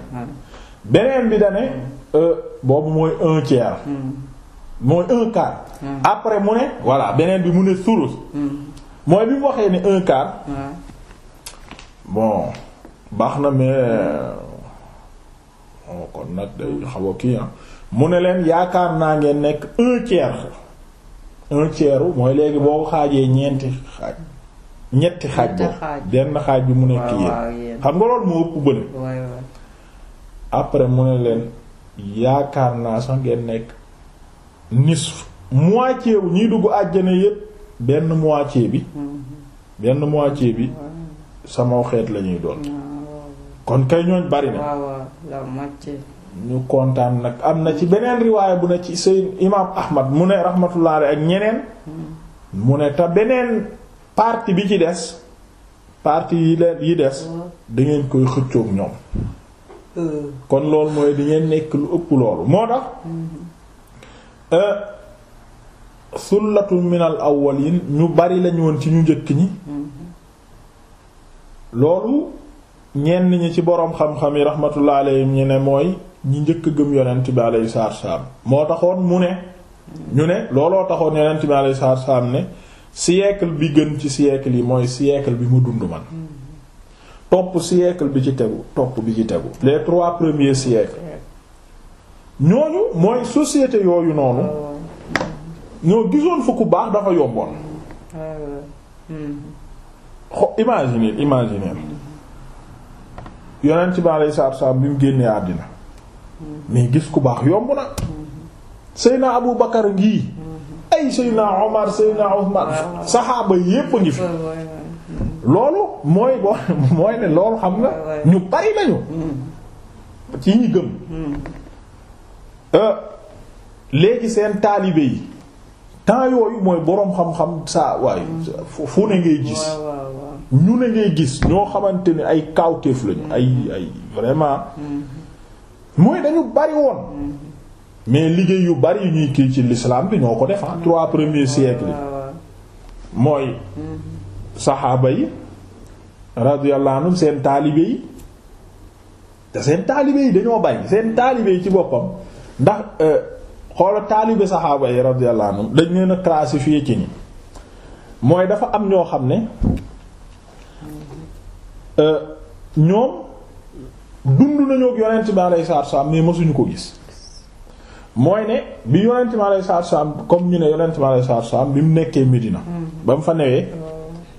beneen bi da mm. euh, boobu mooy un tiers. Mm. mooy un quart. après mu ne. voilà beneen bi mu ne sulus. mooy bi mu waxee ne un quart. bon baax na mais oh, kon nag day xaw a kii ah. mu ne leen yaakaar naa ngeen nekk un tiers. un tiers mooy léegi boo ko xaajee ñeenti xaaj ñetti xaaj boobu benn xaaj bi mu nekk yéen xam nga loolu moo ëpp bële après mu ne leen yaakaar naa sax ngeen nekk nisf moitié wu ñiy dugg àjjana yépp benn moitié bi mm-hmm. benn moitié bi sama xeet lañuy doon kon kay ñooñ bari na ñu kontaan nag am na ci beneen riwaaya bu ne ci sëy imaam ahmad mu ne rahmatullah ak ñeneen mu ne te beneen parti bi ci des parti yi leen yi des dangeen koy xëccoog ñoom euh. kon loolu mooy di ngeen nekk lu ëpp loolu moo tax sullatun mm-hmm. euh, min al awwalin ñu bari lañu woon ci ñu njëkk ñi mm-hmm. loolu ñenn ñi ci boroom xam-xam yi rahmatullah alayhim ñi ne mooy ñi njëkk gëm yonent bi alayhi salaatu salaam moo taxoon mu ne ñu ne looloo taxoon yonent bi alayhi salaatu salaam ne siècle bi gën ci siècle yi mooy siècle bi mu dund man topp siècle bi ci tegu topp bi ci tegu les trois premiers siècles ñooñu mooy societé yooyu noonu ñoo gisoon fa baax dafa yomboon xo imaginer imaginer yonent bi alayhi salaatu salaam bi mu génnee àddina mais gis ku baax yomb na Seyna Abu Bakar ngii ay Seyna Omar Seyna Ousmane saxaaba yépp a ngi fi hmm. loolu mooy bo mooy ne loolu xam na ñu bari nañu hmm. ci ñi gëm hmm. euh, léegi seen taalibe yi temps yooyu mooy boroom xam-xam saa waaye fu ne ngay gis ñu ne ngay gis ñoo xamante ni ay kawteef lañu ay ay vraiment mooy dañu bari woon mais liggéey yu bari yu ñuy kii ci lislaam bi ñoo ko def ah, trois premiers siècles yi mooy saxaaba yi radiyallahu anhum seen taalibe yi te seen taalibe yi dañoo bari seen taalibe yi ci boppam ndax euh, xoola taalibe saxaaba yi radiyallahu anhum dañ leen a classifier ci ni mooy dafa am ñoo xam ne euh, ñoom dund nañu ak yonent bi alayhi salaatu salaam mais mësuñu ko gis mooy ne bi yonent bi alayhi salaatu comme ñu ne yonent bi alayhi salaatu bi mu nekkee Medina. ba mu fa newee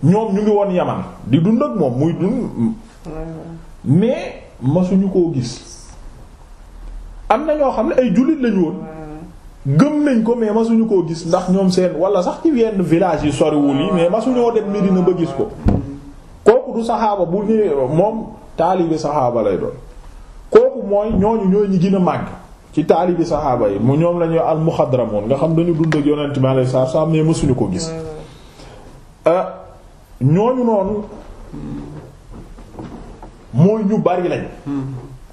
ñoom ñu ngi woon Yaman di dund ak moom muy dund. mais mësuñu koo gis am na ñoo xam ne ay jullit lañu woon. gëm nañ ko mais masuñu koo gis ndax ñoom seen wala sax ci yenn village yi soriwul yi mais masuñoo dem Medina ba gis ko kooku du saxaaba bu moom taalibi saxaaba lay doon kooku mooy ñooñu ñooy ñi gën a màgg ci taalibi saxaaba yi mu ñoom lañuy al muxadramoon nga xam dañu dund ak yonent bi alayhi salaatu salaam ne mësuñu ko gis euh, ñooñu noonu mooy ñu bari lañ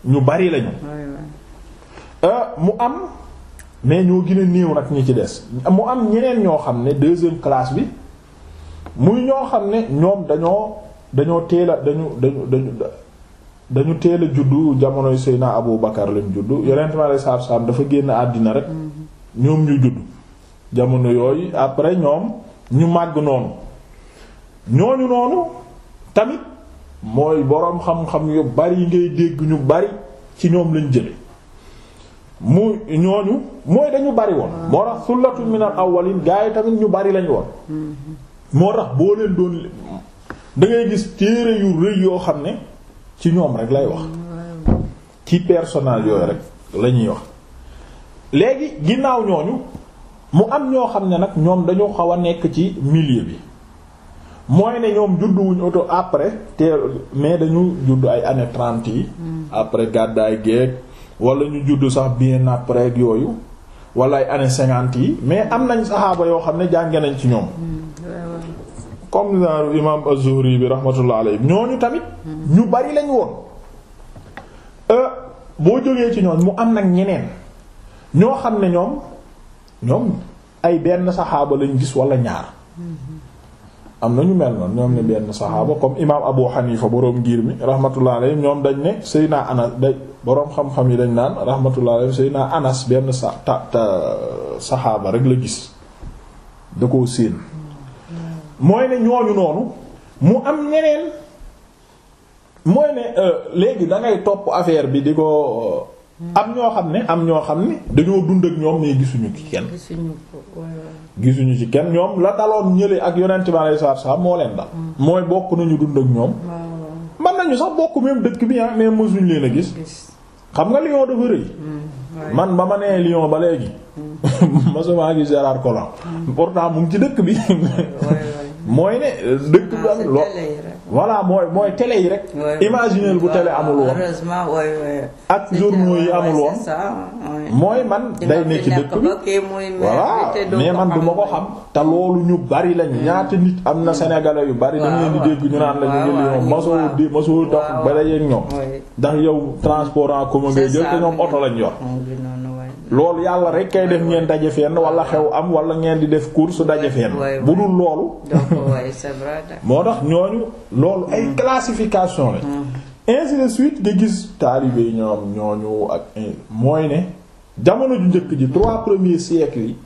ñu bari lañu euh, mu am mais ñoo gën a néew nag ci des mu am ñeneen ñoo xam ne deuxième classe bi muy ñoo xam ne ñoom dañoo dañoo teel dañu dañu dañu dañu teel a juddu jamonoy Seydina Abu Bakar lañ juddu yonent ma lay saab saab dafa génn àddina rek ñoom ñu juddu jamono yooyu après ñoom ñu màgg noonu ñooñu noonu tamit mooy boroom xam-xam yu bari ngay dégg ñu bari ci ñoom lañ jële mu ñooñu mooy dañu bari woon ah. moo tax sullatu minal awwalin gaa yi tamit ñu bari lañ woon mm-hmm. moo tax boo leen doon da gis téere yu rëy yoo xam ne ci ñoom rek lay wax ci personnage yooyu rek la ñuy wax léegi ginnaaw ñooñu mu am ñoo xam ne nag ñoom dañu xaw a nekk ci milieu bi mooy ne ñoom juddu wuñu oto après te mais dañu judd ay années trente yi mm. après gàddaay geeg wala ñu juddu sax bien après yooyu wala ay anne cinquante yi mais am nañ saxaaba yoo xam ne jànge nañ ci ñoom mm. comme genre imam az bi rahmatullah alayhi ñooñu tamit ñu bari lañ woon euh, boo jógee ci ñoon mu am nag ñeneen ñoo xam ne ñoom ñoom ay benn saxaaba lañu gis walla ñaar am na ñu mel noonu ñoom ne benn saxaaba comme imaam Abu Hanifa boroom ngir mi rahmatullah alayhi ñoom dañ ne Seydina Anas day boroom xam-xam yi dañ naan rahmatullah alayhi Seydina Anas benn sa saxaaba rek la gis da koo séen mooy ne ñooñu noonu mu am ñeneen mooy ne euh, léegi dangay topp affaire bi di ko euh, am ñoo xam ne am ñoo xam ne dañoo dund ak ñoom mais gisuñu ci kenn. gisuñu ci kenn ñoom la daloon ñële ak yonent bi alayhi salaatu moo leen dal. Mm. mooy bokk nañu dund ak ñoom. man nañu sax bokk même dëkk bi ah mais mësuñu leen a gis. xam nga Lyon dafa rëy. Mm, man ba ma nee Lyon ba léegi. Mm. mosuma gis Gérard Collomb. pourtant mu ci dëkk bi. mooy ne euh, dëkk bi am ah, lo mooy mooy télé yi rek imaginez bu télé amul woon ak journaux yi amul woon mooy man day ne ci dëkk bi voilà mais man duma ko xam te loolu ñu bari lañ mm. ñaata nit am na sénégalais yu bari dañ leen di dégg ñu naan la ñu jël ñoom masoo di masoo dox ba la yeeg ñoom ndax yow transport en commun ngay jël te ñoom oto lañ yor loolu yàlla rek kay def ngeen daje fenn wala xew am wala ngeen di def course daje fenn bu dul loolu moo tax ñooñu loolu ay classification la hmm. ainsi suite nga gis taalibe yi ñoom ñooñu ak mooy ne jamono ju njëkk ji trois premiers siècles yi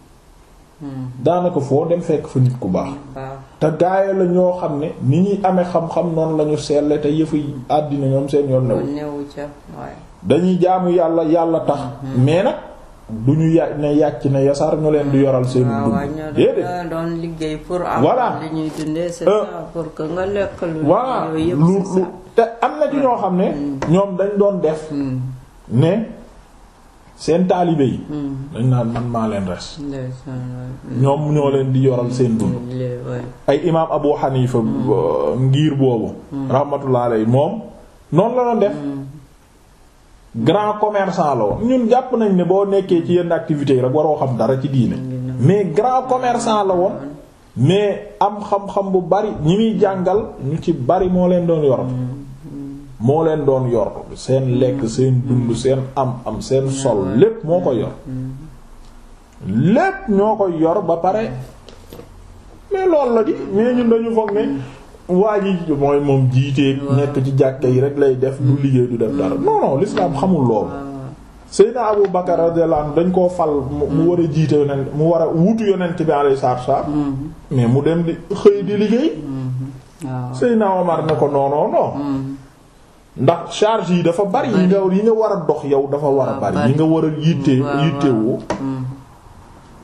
hmm. daanaka foo dem fekk fa nit ku baax hmm, te gaaya la ñoo xam ne ni ñuy amee xam-xam noonu lañu seetle te yëfu àddina ñoom seen yoon newu dañuy jaamu yàlla yàlla tax mais du ñu yà ne yàcc ne yasaar ñu leen di yoral seen ah, dund déedéet doon liggéey pour am li ñuy dundee c'est euh, ça pour que nga lekk lu lu te am na ci ñoo xam ne mm. ñoom dañ doon def mm. ne seen taalibe yi mm. dañ naa man maa leen res ñoom ñoo leen di yoral seen dund ay imaam Abu Hanifa euh, ngir boobu rahmatullah alayhi moom noonu la doon def grand commerçant la woon ñun jàpp nañ ne boo nekkee ci yenn activités yi rek waroo xam dara ci diine mais grand commerçant la woon mais am xam-xam bu bari ñi muy jàngal ñu ci bari moo leen doon yor moo leen doon yor seen lekk seen dund seen am am seen sol lépp moo ko yor lépp ñoo ko yor ba pare mais la di mais ñun dañu foog ne waa ji mooy moom jiitee nekk ci jàkke yi rek lay def du hmm. liggéey du def dara hmm. non non l'islam xamul loolu ah. Seydina Abu Bakar radiyallahu dañ koo fal mu hmm. war a jiite yonent mu war a wutu yonent bi alayhi salaatu wa salaam mais mu dem di xëy di liggéey ah. Seydina Omar ne ko non non ndax charge yi dafa bari yi nga yi nga war a dox yow dafa war a ah, bari yi nga war a yittee yittewoo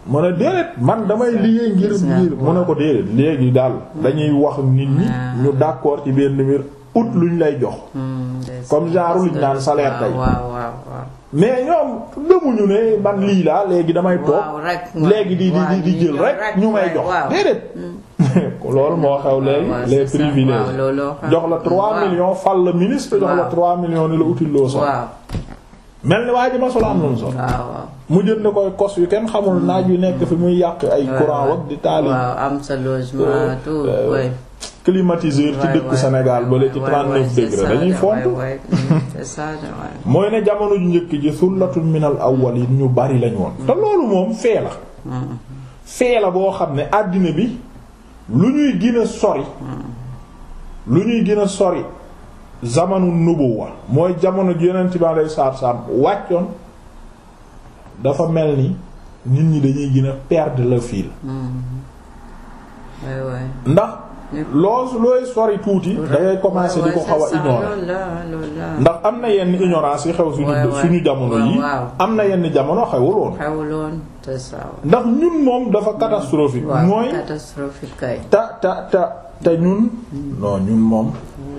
mu ne déedéet man damay liggéey ngir ngir mu ne ko déedéet léegi daal dañuy wax nit ñi ah. ñu d'accord ci benn mbir ut luñ lay jox hmm, comme genre luñ naan salaire tey mais ñoom gëmuñu ne man lii laa léegi damay toog léegi di jël rek ñu may jox déedéet hmm. loolu moo xew léegi les privilèges jox la 3 hmm, millions fal la ministre jox la 3 millions ni la util loo sax mel ni waa ji masula am lum sol mu jënd koy kos yu kenn xamul hmm. naaj yu nekk fi muy yàq ay courant wak di taali am sa logement euh, euh, climatiseur ci dëkku Sénégal bale ci 39 degrés dañuy fontu hmm, mooy ne jamono ju ji sullatul minal awwal yi ñu bari lañ woon hmm. te loolu moom fee la fee la boo xam ne àddina bi lu ñuy gën a sori lu ñuy gën a sori zamanu nubuwa mooy jamono yeneen ci bi alayhi salaatu salaam wàccoon dafa mel ni nit ñi dañuy gën perd la le fil. Mm-hmm. ndax loo looy sori tuuti. da ngay commencer di ko xaw a oh oh ndax am na yenn ignorance yi xew suñu suñu jamono yi. am na yenn jamono xewul woon. ndax ñun moom dafa mm. catastrophique. mooy ta ta ta. te ñun non ñun moom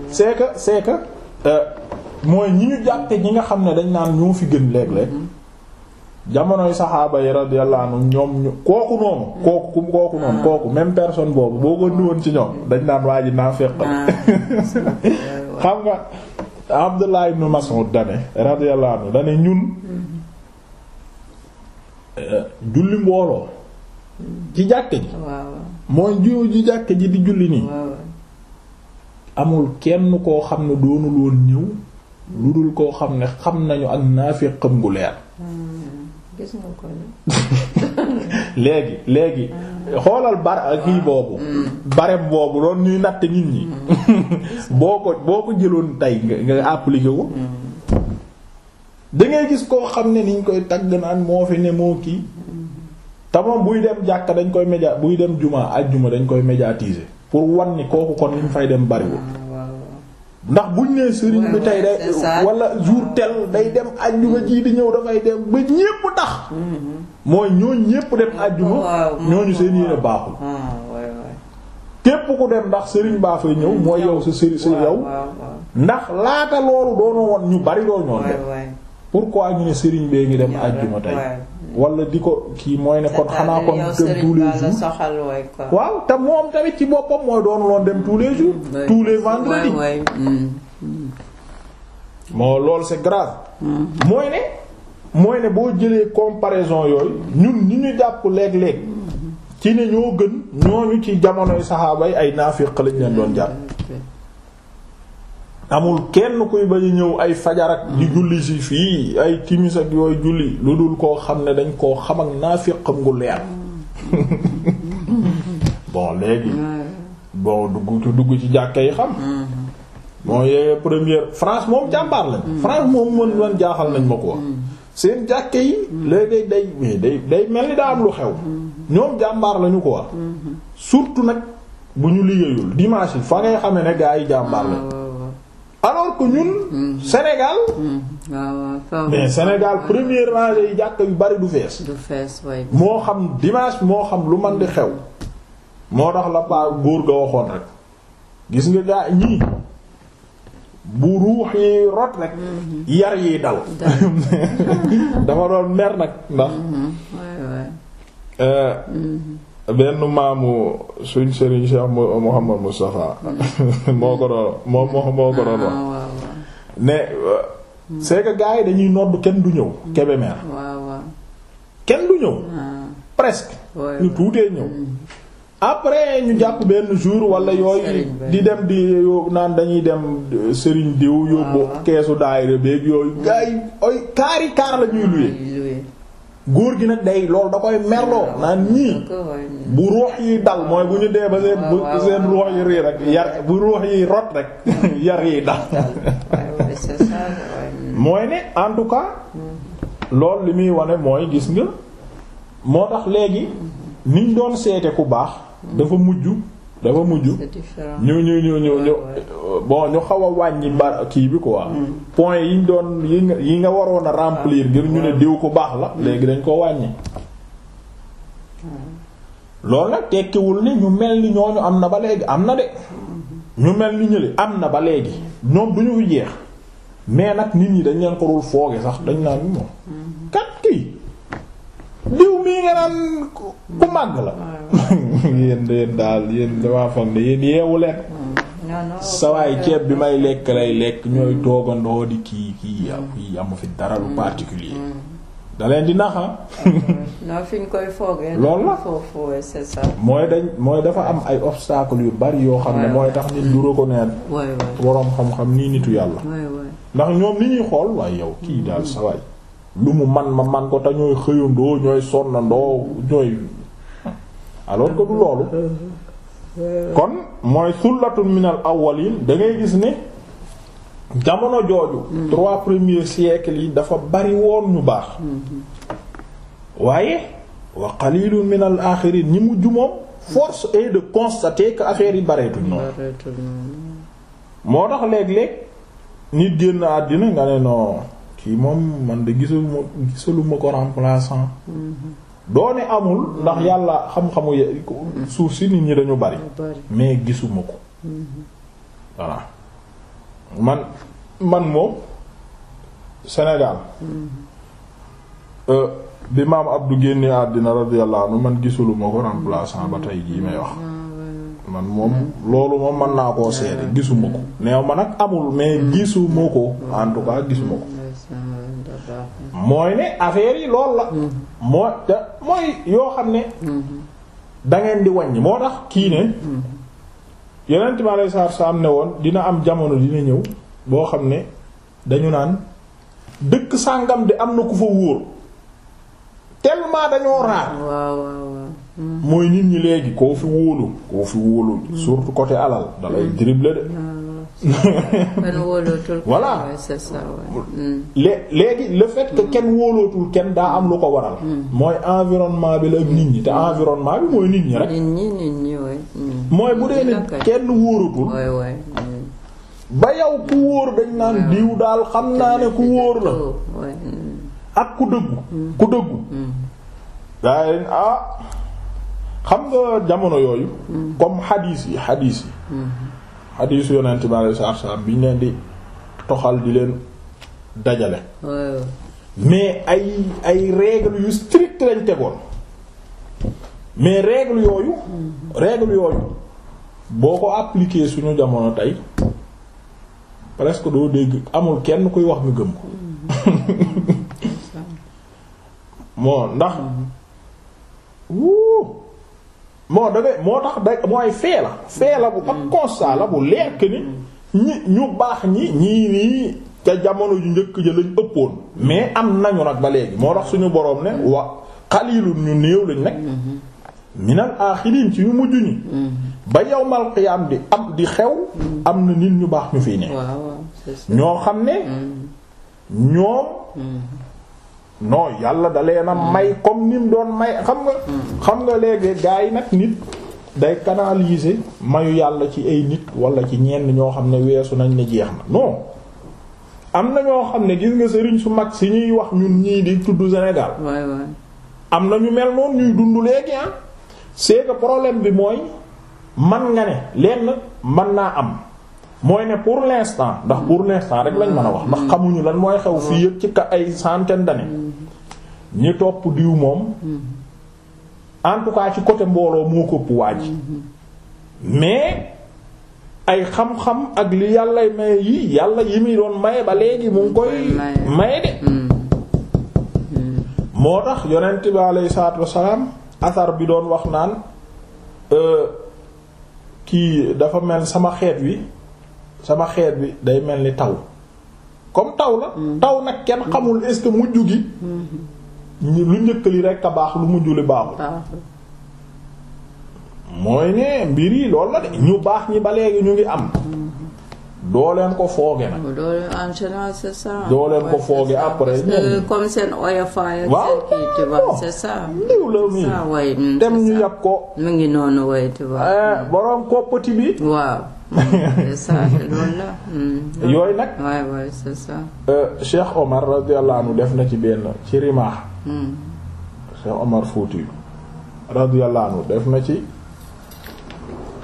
c'est que euh, mooy ñi ñu jàppe ñi nga xam ne dañ naan ñoo fi gën léeg jamonoy saxaaba yi radiyallahu anhum ñoom ñu kooku noonu kooku kooku noonu kooku même personne boobu boo ko nuwoon ci ñoom dañ naan waa ji naa féqal ah. xam nga Abdullah ibn Mas'ud dane radiyallahu dane ñun euh, julli mbooloo ci jàkke ji mooy jiw ji jàkk ji di julli nii amul kenn koo xam ne doonul woon ñëw lu dul koo xam ne xam nañu ak naaféqam gu leer hmm. léegi léegi hmm. xoolal bar hmm. kii boobu barem boobu doon ñuy natt nit ñi boo ko boo ko jëloon tey nga appliqué ko da gis koo xam ne niñ koy tagg naan moo fi ne moo kii te moom buy dem jàkk dañ koy média buy dem juma ajjuma dañ koy médiatiser pour wan ni kooku kon lim fay dem bariwul ndax buñ nee sëriñ bi tey day wala jour tel day dem ajjuma ji di ñëw dafay dem ba ñépp tax mm-hmm. mooy ñooñ ñépp dem ajjuma ñooñu seen yéene baaxul ah, képp ku dem ndax sëriñ baa fay ñëw mooy yow sa sëriñ sa yow ndax laata loolu doonoo woon ñu bari doo ñoon dem pourquoi ñu ne Serigne bee ngi dem àjjuma tey wala di ko kii mooy ne kon xanaa kon dem tous jours waaw te moom tamit ci boppam mooy doon loon dem tous les jours tous les vendredis mm. moo loolu c'est grave mm-hmm. mooy ne mooy ne boo jëlee comparaison yooyu ñun ñi ñu jàpp léeg-léeg ci ne ñoo gën ñooñu ci jamonoy saxaaba ay naafiq lañ leen doon jàpp amul kenn kuy bañ a ñëw ay fajar ak di julli si fii ay timis ak yooyu julli lu dul koo xam ne dañ koo xam ak naafiqam gu leer bon léegi bon dugg dugg ci jàkka yi xam bon yee eh, première France moom jàmbaar lañ France moom mën lan jaaxal nañ ma ko seen jàkke yi léegi day day day mel ni daa am lu xew ñoom jàmbaar lañu ko wax surtout nag bu ñu liggéeyul dimanche yi fa ngay xame ne gaa yi jàmbaar la alors que ñun. Mm-hmm. Sénégal. Mm-hmm. Ah, waaw mais Sénégal première rangée yi jàkk yu bari du fees. moo xam dimanche moo xam lu man di xew. moo tax la paa góor ga waxoon rek. gis nga gaa ñii bu ruux yi rot rek. Mm-hmm. yar yi dal. dafa doon mer nag ndax. Euh, benn maamu suñ Serigne Cheikh Mouhamed Moustapha mm. moo ko doon moom moo ko doon wax ah, ne mm. c'est que dañuy nodd kenn du ñëw mm. Kébémer kenn du ñëw ah. presque ñu tuutee ñëw après ñu jàpp benn jour wala yooyu di dem di yo naan dañuy dem Serigne diw yóbbu ah, keesu daayira beeg yooyu gars kaari kaar la luye góor gi nag day lool da koy merloo naan ñii bu ruux yi dal mooy bu ñu dee ba seen bu seen ruux yi rii rek yar bu ruux yi rot rek yar yi dal mooy ne en tout cas mm. loolu li muy wane mooy gis nga moo tax léegi niñ doon seete ku baax dafa mujj dafa mujj ñu ñu ñu ñu ñu bon ñu xaw a wàññi bar kii bi quoi mm. point yi doon yi nga yi nga waroon a ah. remplir ngir ñu ne diw ko baax la mm. léegi dañ ko wàññi loolu nag tekkiwul ni ñu mel ni ñoo am na ba léegi am na de mm-hmm. ñu mel ni ñële am na ba léegi ñoom du ñu jeex mais nag nit ñi dañ leen ko dul fooge sax dañ naan moom mm-hmm. kat kii diw mii nga naan ku màgg la yéen yéen daal yéen damaa foog ne yéen yeewu leen. Mm. sawaay ceeb bi may lekk lay lekk ñooy toogandoo di kii kii kii amu fi dara lu mm. particulier. Mm. da di nax ah. non fi koy foogee. loolu la foofu mooy dañ mooy dafa am ay obstacles yu bari yoo xam ne mooy tax nit du reconnaître. boroom xam-xam ñi nitu yàlla. ndax ñoom li ñuy xool waaye yow kii daal sawaay lu mu man ma man ko te ñooy xëyandoo ñooy sonnandoo ñooy. alors que du loolu kon mooy sullatun minal awwalin da ngay gis ne jamono jooju mm-hmm. trois premiers siècles yi dafa bari woon ñu baax mm-hmm. waaye wa qalilun minal axirin ñi mujj moom force est de constater que affaire yi bareetul noonu moo tax léeg-léeg nit génn àddina nga ne non kii moom man de gisaluma gisaluma ko remplaçant mm-hmm. doone amul ndax yàlla xam-xamu suuf si nit ñi dañu bari mais gisuma ko voilà man man moom Sénégal euh, bi maam Abdou génne àddina radiyallahu anhu man gisuluma ko remplaçant ba tey jii may wax ah, man moom loolu moom mën naa koo seede ah, gisuma ko neew ma nag amul mais mm. gisuma ko en tout cas gisuma ko mooy ne affaire yi loolu la. Mm-hmm. moo mooy yoo xam ne. Mm-hmm. da di wàññi moo tax kii ne. yeneen tubaab yi saa am ne woon dina am jamono dina ñëw boo xam ne dañu naan dëkk sàngam di am na ku fa wóor tellement dañoo raar. waaw waaw mm-hmm. mooy nit ñi léegi koo fi wóolu. koo fi wóolu surtout côté alal. da lay dribbler de. voilà léegi le fait que kenn wóolootul kenn daa am lu ko waral hmm. mooy environnement bi la ak hmm. nit ñi te environnement bi mooy nit ñi rek hmm. mooy bu dee nit kenn wóoratul ba yow ku wóor dañ naan diw daal xam naa ne ku wóor la ak ku dëggu ku dëggu daa ah xam nga jamono yooyu comme xadiis yi xadiis yi xadiisu yonent bi alayhi salaatu salaam bi ñu leen di toxal di leen dajale mais ay ay règle yu strict lañ tegoon mais règle yooyu mm-hmm. règle yooyu boo ko appliquer suñu jamono tey presque doo dégg amul kenn kuy wax mi gëm ko mm-hmm. moo ndax mm-hmm. moo dafay moo tax da mooy fee la fee la bu ak constat la bu leer ni ñi ñu baax ñi ñii nii ca jamono ju njëkk ja lañ ëppoon mais am nañu nag ba léegi moo tax suñu boroom ne wa xaliilun ñu néew lañ nag minal aaxiriin ci ñu mujj ñi ba yawmal qiyaam di am di xew am na nit ñu baax ñu fiy ne ñoo xam ne mm. ñoom mm. non yàlla da leen a may comme ni mu doon may xam nga. xam nga léegi gaa yi nag nit day canaliser mayu yàlla ci ay nit wala ci ñenn ñoo xam ne weesu nañ ne jeex na non am na ñoo xam ne gis nga sëriñ su mag si ñuy wax ñun ñii di tudd Sénégal. waay am na ñu mel noonu ñuy dund léegi ah c'est que problème bi mooy man nga ne lenn man naa am. mooy ne pour l'instant ndax pour l'instant rek lañ mën a wax ndax xamuñu lan mooy xew fii yëpp ci ka ay centaine d'années ñi topp diw moom en tout cas ci côté mbooloo moo ko ëpp waaj mais ay xam-xam ak li yàlla maye yi yàlla yi muy doon maye ba léegi mu ngi koy maye de moo tax yonent bi alayhi salaatu wassalaam asar bi doon wax naan euh, kii dafa mel sama xeet wi sama xeet bi day mel ni taw comme taw la mm. taw nag kenn xamul est-ce que mujj gi mm-hmm. lu njëkk li rek a baax lu mujj li baaxul mooy ne mbir yi loolu la de ñu baax ñi ba léegi ñu ngi am mm-hmm. doo leen ko fooge nag. doo leen en général ko fooge après. comme seen oyofaay. waaw waaw c'est oh. la mm, dem ñu yàpp ko. mu ngi noonu waay tubaab. koppati bi. waaw. c'est ça nag. waay waay c'est ça. Euh, Cheikh Omar radiyallahu anhu def na ci benn ci rimaax. Hmm. Cheikh Omar Fouti radiyallahu anhu def na ci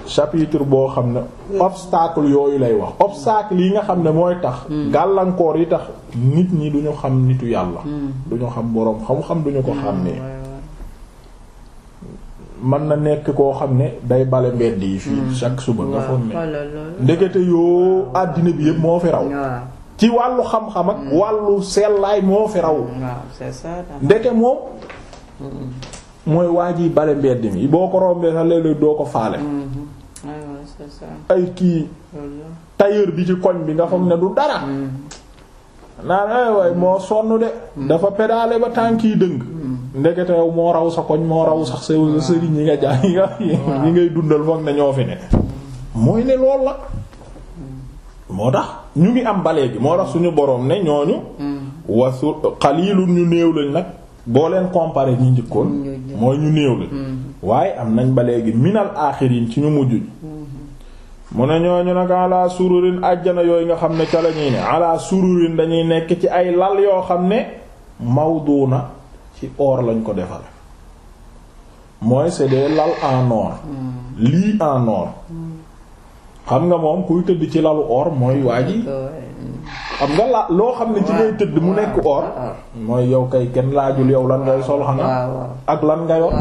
chapitre boo xam ne obstacle yooyu lay wax obstacle yi nga xam ne mooy tax. Hmm. gàllankoor yi tax nit ñi du ñu xam nitu yàlla. Hmm. du xam boroom xam-xam du ko xam ne. mën na nekk koo xam ne day bale mbedd yi fii mm. chaque suba nga foog ne ndekete yoo àddina bi yëpp moo fi raw ci wàllu xam-xam ak mm. wàllu sellaay moo fi raw ndeke moom mm-hmm. mooy waa ji bale mbedd mi boo ko rombee sax léeg-léeg doo ko faale mm-hmm. ay kii tailleur bi ci koñ bi nga foog ne du mm. dara naan ay waay moo sonn de dafa pédale ba tànk yi dëng ndekete yow moo raw sa koñ moo raw sax sa sëriñ yi nga jaay yi ngay dundal foog ne ñoo fi ne mooy ne lool la moo tax ñu ngi am balee gi moo tax suñu boroom ne ñooñu mm. wasu xaliilu ñu néew lañ nag boo leen comparé ñi njëkkoon mooy ñu néew lañ mm. waaye am nañ balee gi minal aaxirin ci ñu mujj mm-hmm. mu ne ñooñu nag ala sururin àjjana yooyu nga xam ne ca lañuy ne ala sururin dañuy nekk ci ay lal yoo xam ne mawduna ci or lañ ko defal mooy c'est des lal en or lii en or xam nga moom kuy tëdd ci lalu or mooy waa ji xam nga la loo xam ne ci ngay tëdd mu nekk or mooy yow kay kenn laajul yow lan ngay sol xanaa ak lan nga yor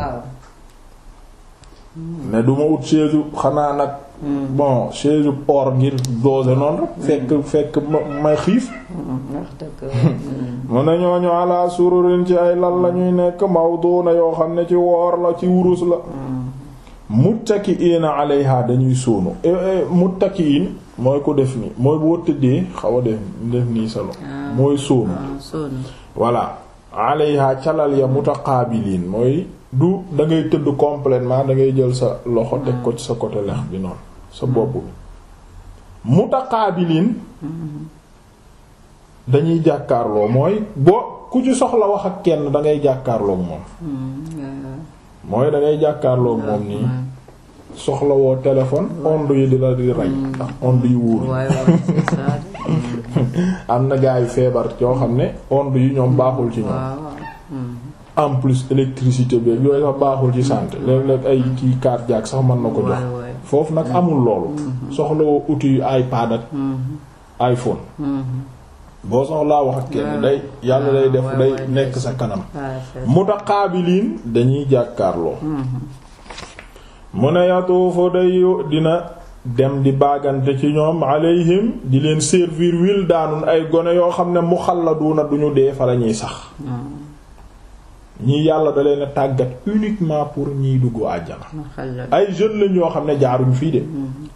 ne duma ut chaise xanaa nag hmm. bon chaise poor ngir doose noonu rek hmm. fekk fekk may xiif hmm, mu ne ñooñu ala sururin ci ay lal lañuy nekk na yoo xam ne ci woor la ci wurus la muttakiina alayha dañuy sóonu eh, eh, muttakiin mooy ko def ni mooy boo tëddee xaw a def def nii solo ah. mooy ah, sóonu voilà alayha calal ya mutaqaabiliin mooy du dangay ngay tëdd complètement da ngay jël sa loxo te ko ci sa côté lex bi noonu sa bopp bi mm-hmm. dañuy jàkkaarloo mooy boo ku ci soxla wax ak kenn da ngay jàkkaarloo moom. Hmm, mooy da jàkkaarloo moom nii. soxlawoo woo téléphone onde yi di la di rey. Hmm. ndax onde yi wóorul. am na gaa yu feebar yoo xam ne onde yi ñoom baaxul ci ñoom. en plus électricité bi yooyu sax baaxul ci santé hmm. léeg-léeg ay kii cardiaque sax mën na ko jox. foofu nag amul loolu. soxla woo yu iPad ak iPhone. boo soxlaa wax ak kenn ah. day yàlla day def ah, day nekk sa kanam mu ah, mutaqaabiliin dañuy jàkkaarloo mm-hmm. mu ne yatuufu day dina dem di baagante ci ñoom alayhim di leen servir wil daanun ay gone yoo xam ne muxalladuna duñu dee fa lañuy sax mm-hmm. ñii yàlla da leen tàggat uniquement pour ñiy duggu àjjana ay jeunes lañ yoo xam ne jaaruñu fii de mm-hmm.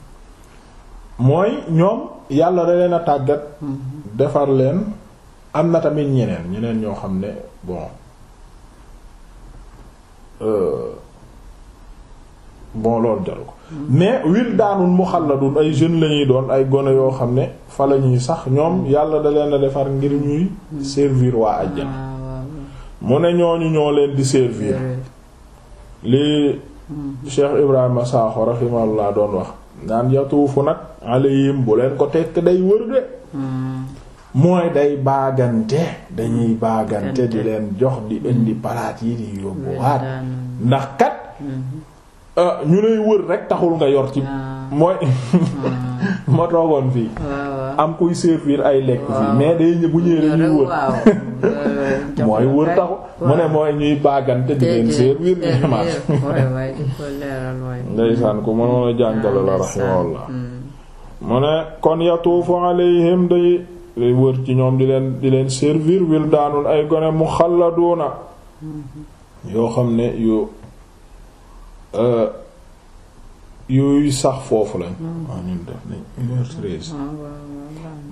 mooy ñoom yàlla da leen tàggat defar leen am na tamit ñeneen ñeneen ñoo xam ne bon euh, bon loolu jaru ko mm-hmm. mais wildaanun muxalladun ay jeunes la ñuy doon ay gone yoo xam ne fa la ñuy sax ñoom mm-hmm. yàlla da leen a defar ngir ñuy mm-hmm. servir waa àjjana ah, mu ne ñooñu ñoo leen di servir li Cheikh Ibrahima Sakho rahimahullah doon wax naan yatuufu nag alayhim bu leen ko tekk day wër de mooy day baagante dañuy baagante di leen jox di indi mm-hmm. palaat yi di yóbbuwaat ndax kat mm-hmm. euh, ñu lay wër rek taxul nga yor ci ah. mooy ah. ma toogoon fii am kuy servir ay lekk fii mais day ñë bu ñëwee dañuy wër mooy wër taxu mu ne mooy ñuy baagante di leen servir ñemat ndeysaan ku mënoon a jàngale la ah, rahimahullah mm. mu ne kon yatuufu alayhim day wër ci ñoom di leen di leen servir wil daanul ay gone mu xalladuuna yoo xam ne yu euh, yuy sax foofu lañ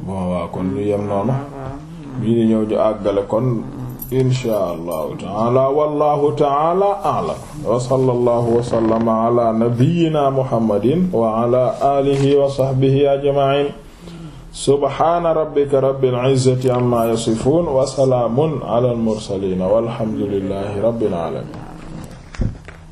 waaw ñun ah, kon ñu yem noonu bii di ñëw ju àggale kon insha allahu taala wallahu taala a'lam wa sallallahu wa sallama ala nabiyyina muhammadin wa alihi wa sahbihi ajma'in subhaana rabbika rabbil izzati amma yasifun wa salaamun ala al mursalin walhamdulillahi rabbil alamin